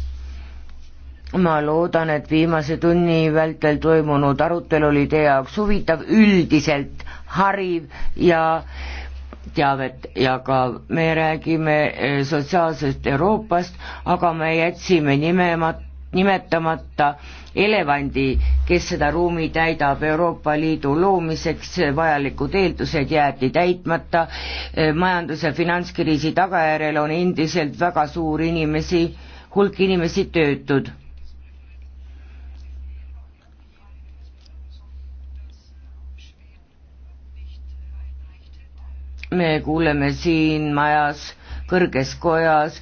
ma loodan, et viimase tunni vältel toimunud arutelu oli teie jaoks huvitav, üldiselt hariv ja teavet ja ka me räägime eh, sotsiaalsest Euroopast, aga me jätsime nimemata nimetamata elevandi, kes seda ruumi täidab, Euroopa Liidu loomiseks vajalikud eeldused jäeti täitmata, majandus- ja finantskriisi tagajärjel on endiselt väga suur inimesi, hulk inimesi töötud me kuuleme siin majas, kõrges kojas,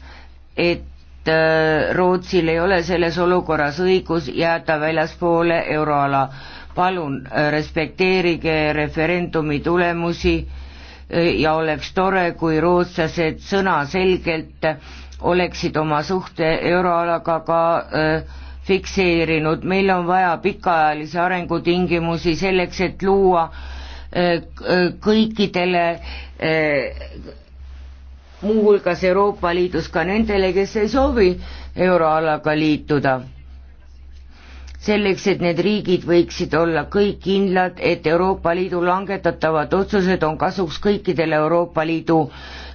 et et äh, Rootsil ei ole selles olukorras õigus jääda väljaspoole euroala. palun äh, respekteerige referendumi tulemusi äh, ja oleks tore, kui rootslased sõnaselgelt oleksid oma suhte euroalaga ka fikseerinud, meil on vaja pikaajalisi arengutingimusi selleks, et luua kõikidele muuhulgas Euroopa Liidus ka nendele, kes ei soovi euroalaga liituda. selleks, et need riigid võiksid olla kõik kindlad, et Euroopa Liidu langetatavad otsused on kasuks kõikidele Euroopa Liidu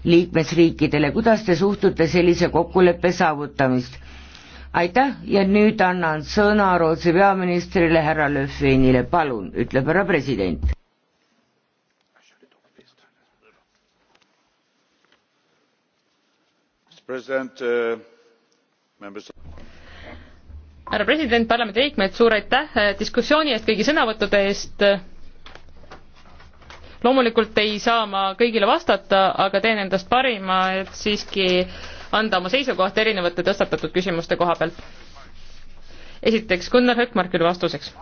liikmesriikidele, kuidas te suhtute sellise kokkuleppe saavutamist? aitäh ja nüüd annan sõna Rootsi peaministrile härra Löfvenile, palun, ütleb härra president Uh, härra president parlamendi liikmed suur aitäh eh, diskussiooni eest kõigi sõnavõttude eest loomulikult ei saa ma kõigile vastata aga teen endast parima et siiski anda oma seisukoht erinevate tõstatatud küsimuste koha pealt esiteks gunnar hökmarkile vastuseks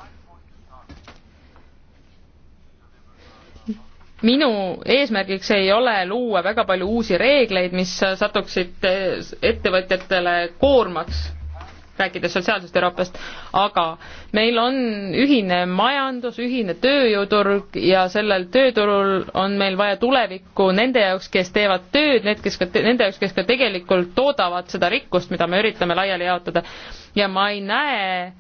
minu eesmärgiks ei ole luua väga palju uusi reegleid, mis satuksid eh, ettevõtjatele koormaks, rääkides sotsiaalsest Euroopast, aga meil on ühine majandus, ühine tööjõuturg ja sellel tööturul on meil vaja tulevikku nende jaoks, kes teevad tööd, need, kes ka, nende jaoks, kes ka tegelikult toodavad seda rikkust, mida me üritame laiali jaotada. ja ma ei näe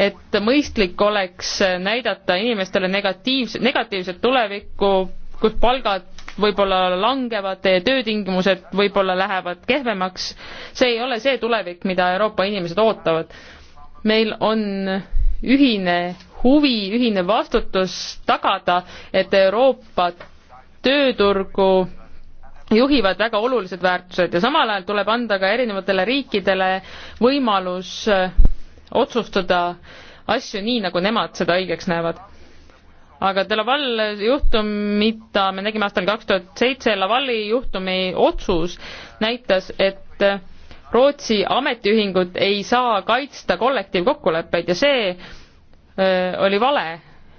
et mõistlik oleks näidata inimestele negatiivse, negatiivset tulevikku, kus palgad võib-olla langevad, teie töötingimused võib-olla lähevad kehvemaks. see ei ole see tulevik, mida Euroopa inimesed ootavad. meil on ühine huvi, ühine vastutus tagada, et Euroopa tööturgu juhivad väga olulised väärtused ja samal ajal tuleb anda ka erinevatele riikidele võimalus otsustada asju nii, nagu nemad seda õigeks näevad. aga Delaval juhtum, mida me nägime aastal kaks tuhat seitse, Lavali juhtumi otsus näitas, et Rootsi ametiühingud ei saa kaitsta kollektiivkokkuleppeid ja see öö, äh, oli vale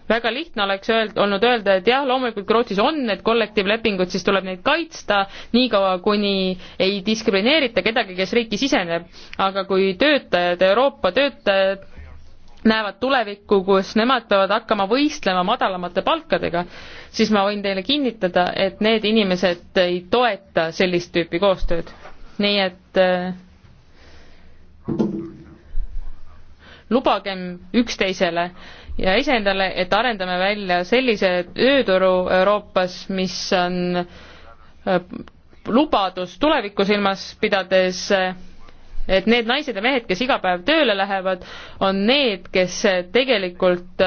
väga lihtne oleks öeld-, olnud öelda, et jah, loomulikult kui Rootsis on need kollektiivlepingud, siis tuleb neid kaitsta niikaua, kuni ei diskrimineerita kedagi, kes riiki siseneb. aga kui töötajad, Euroopa töötajad näevad tulevikku, kus nemad peavad hakkama võistlema madalamate palkadega, siis ma võin teile kinnitada, et need inimesed ei toeta sellist tüüpi koostööd. nii et äh, lubagem üksteisele äh, ja iseendale, et arendame välja sellise ööturu Euroopas, mis on äh, lubadus tulevikku silmas pidades, äh, et need naised ja mehed, kes iga päev tööle lähevad, on need, kes äh, tegelikult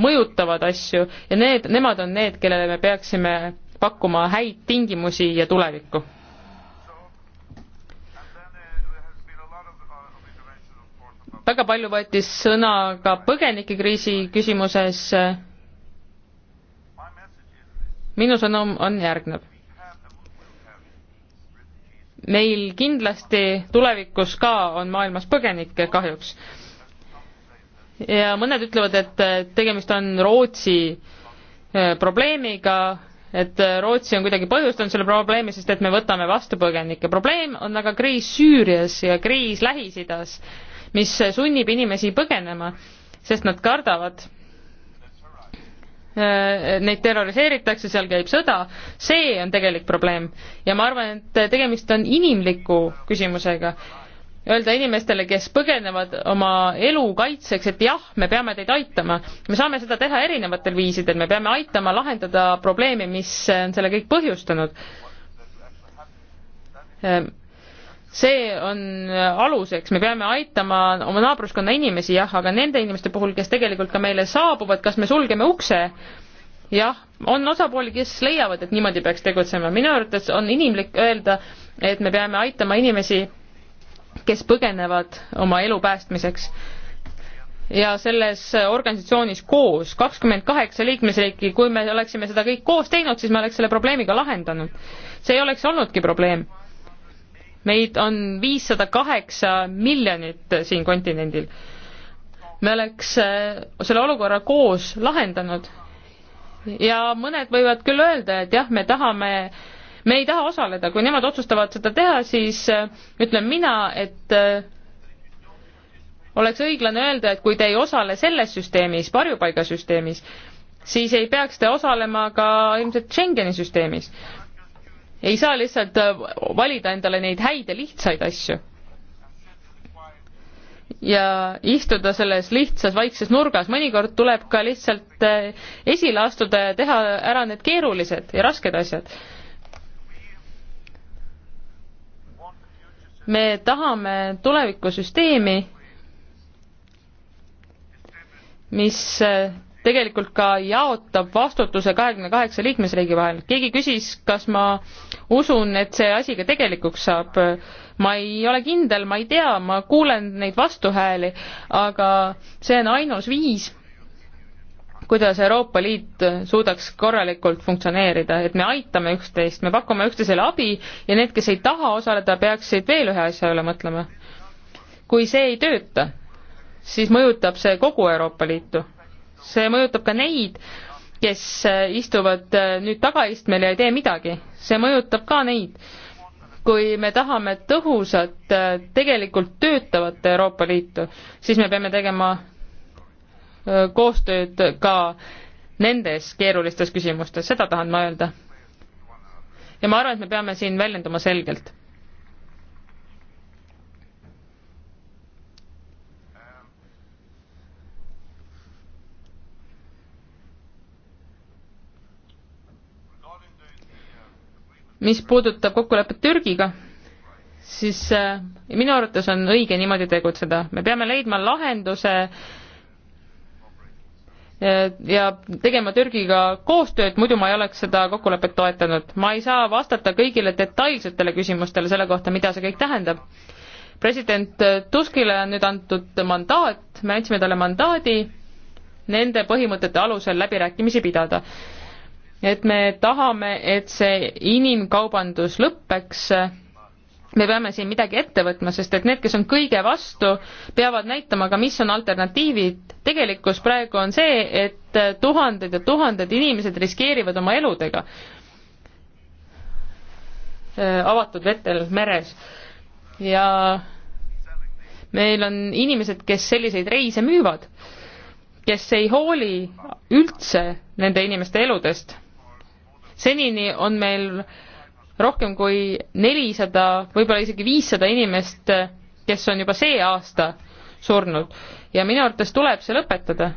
mõjutavad asju ja need, nemad on need, kellele me peaksime pakkuma häid tingimusi ja tulevikku väga palju võeti sõna ka põgenikekriisi küsimuses. minu sõnum on järgnev. meil kindlasti tulevikus ka on maailmas põgenikke kahjuks. ja mõned ütlevad, et tegemist on Rootsi eh, probleemiga, et Rootsi on kuidagi põhjustanud selle probleemi, sest et me võtame vastu põgenikke. probleem on aga kriis Süürias ja kriis Lähis-Idas mis sunnib inimesi põgenema, sest nad kardavad. Äh, neid terroriseeritakse, seal käib sõda, see on tegelik probleem. ja ma arvan, et tegemist on inimliku küsimusega. Öelda inimestele, kes põgenevad oma elu kaitseks, et jah, me peame teid aitama. me saame seda teha erinevatel viisidel, me peame aitama lahendada probleemi, mis on selle kõik põhjustanud äh, see on äh, aluseks, me peame aitama oma naabruskonna inimesi, jah, aga nende inimeste puhul, kes tegelikult ka meile saabuvad, kas me sulgeme ukse? jah, on osapooli, kes leiavad, et niimoodi peaks tegutsema, minu arvates on inimlik öelda, et me peame aitama inimesi, kes põgenevad oma elu päästmiseks ja selles organisatsioonis koos, kakskümmend kaheksa liikmesriiki, kui me oleksime seda kõik koos teinud, siis me oleks selle probleemiga lahendanud. see ei oleks olnudki probleem meid on viissada kaheksa miljonit siin kontinendil. me oleks äh, selle olukorra koos lahendanud ja mõned võivad küll öelda, et jah, me tahame me ei taha osaleda, kui nemad otsustavad seda teha, siis äh, ütlen mina, et äh, oleks õiglane öelda, et kui te ei osale selles süsteemis, varjupaigasüsteemis, siis ei peaks te osalema ka ilmselt Schengeni süsteemis ei saa lihtsalt äh, valida endale neid häid ja lihtsaid asju. ja istuda selles lihtsas vaikses nurgas, mõnikord tuleb ka lihtsalt äh, esile astuda ja teha ära need keerulised ja rasked asjad. me tahame tulevikusüsteemi, mis äh, tegelikult ka jaotab vastutuse kahekümne kaheksa liikmesriigi vahel. keegi küsis, kas ma usun, et see asi ka tegelikuks saab. ma ei ole kindel, ma ei tea, ma kuulen neid vastuhääli, aga see on ainus viis, kuidas Euroopa Liit suudaks korralikult funktsioneerida, et me aitame üksteist, me pakume üksteisele abi ja need, kes ei taha osaleda, peaksid veel ühe asja üle mõtlema. kui see ei tööta, siis mõjutab see kogu Euroopa Liitu. see mõjutab ka neid, kes äh, istuvad äh, nüüd tagaistmel ja ei tee midagi. see mõjutab ka neid. kui me tahame tõhusat, äh, tegelikult töötavat Euroopa Liitu, siis me peame tegema koostööd ka nendes keerulistes küsimustes, seda tahan ma öelda. ja ma arvan, et me peame siin väljenduma selgelt mis puudutab kokkulepet Türgiga, siis äh, minu arvates on õige niimoodi tegutseda, me peame leidma lahenduse äh, ja tegema Türgiga koostööd, muidu ma ei oleks seda kokkulepet toetanud. ma ei saa vastata kõigile detailsetele küsimustele selle kohta, mida see kõik tähendab. president Tuskile on nüüd antud mandaat, me andsime talle mandaadi nende põhimõtete alusel läbirääkimisi pidada et me tahame, et see inimkaubandus lõpeks, me peame siin midagi ette võtma, sest et need, kes on kõige vastu, peavad näitama ka, mis on alternatiivid. tegelikkus praegu on see, et tuhanded ja tuhanded inimesed riskeerivad oma eludega avatud vetel meres. ja meil on inimesed, kes selliseid reise müüvad, kes ei hooli üldse nende inimeste eludest senini on meil rohkem kui nelisada, võib-olla isegi viissada inimest, kes on juba see aasta surnud ja minu arvates tuleb see lõpetada.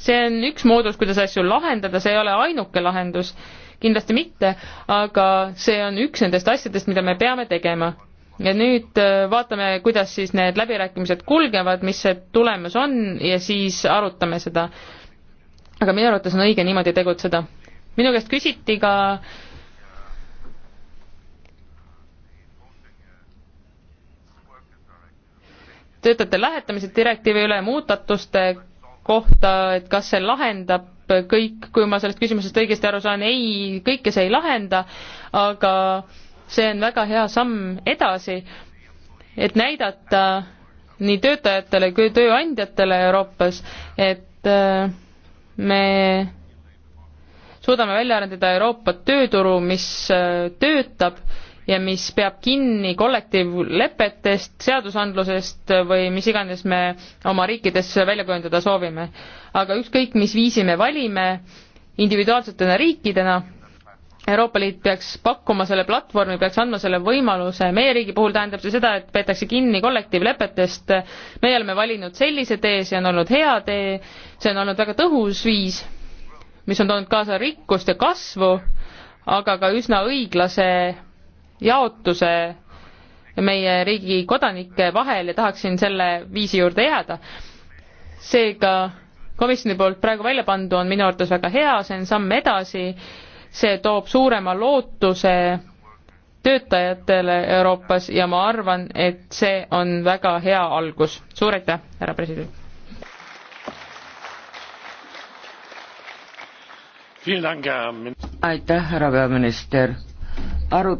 see on üks moodus, kuidas asju lahendada, see ei ole ainuke lahendus, kindlasti mitte, aga see on üks nendest asjadest, mida me peame tegema. ja nüüd äh, vaatame, kuidas siis need läbirääkimised kulgevad, mis see tulemus on ja siis arutame seda. aga minu arvates on õige niimoodi tegutseda minu käest küsiti ka töötajate lähetamise direktiivi üle muudatuste kohta, et kas see lahendab kõik, kui ma sellest küsimusest õigesti aru saan, ei, kõike see ei lahenda, aga see on väga hea samm edasi, et näidata nii töötajatele kui tööandjatele Euroopas, et äh, me suudame välja arendada Euroopa tööturu, mis äh, töötab ja mis peab kinni kollektiivlepetest, seadusandlusest või mis iganes me oma riikides välja kujundada soovime. aga ükskõik, mis viisi me valime individuaalsetena riikidena, Euroopa Liit peaks pakkuma selle platvormi, peaks andma selle võimaluse, meie riigi puhul tähendab see seda, et peetakse kinni kollektiivlepetest, meie oleme valinud sellise tee, see on olnud hea tee, see on olnud väga tõhus viis mis on toonud kaasa rikkust ja kasvu, aga ka üsna õiglase jaotuse meie riigi kodanike vahel ja tahaksin selle viisi juurde jääda. seega komisjoni poolt praegu välja pandu on minu arvates väga hea, see on samm edasi, see toob suurema lootuse töötajatele Euroopas ja ma arvan, et see on väga hea algus. suur aitäh, härra president! aitäh, härra peaminister.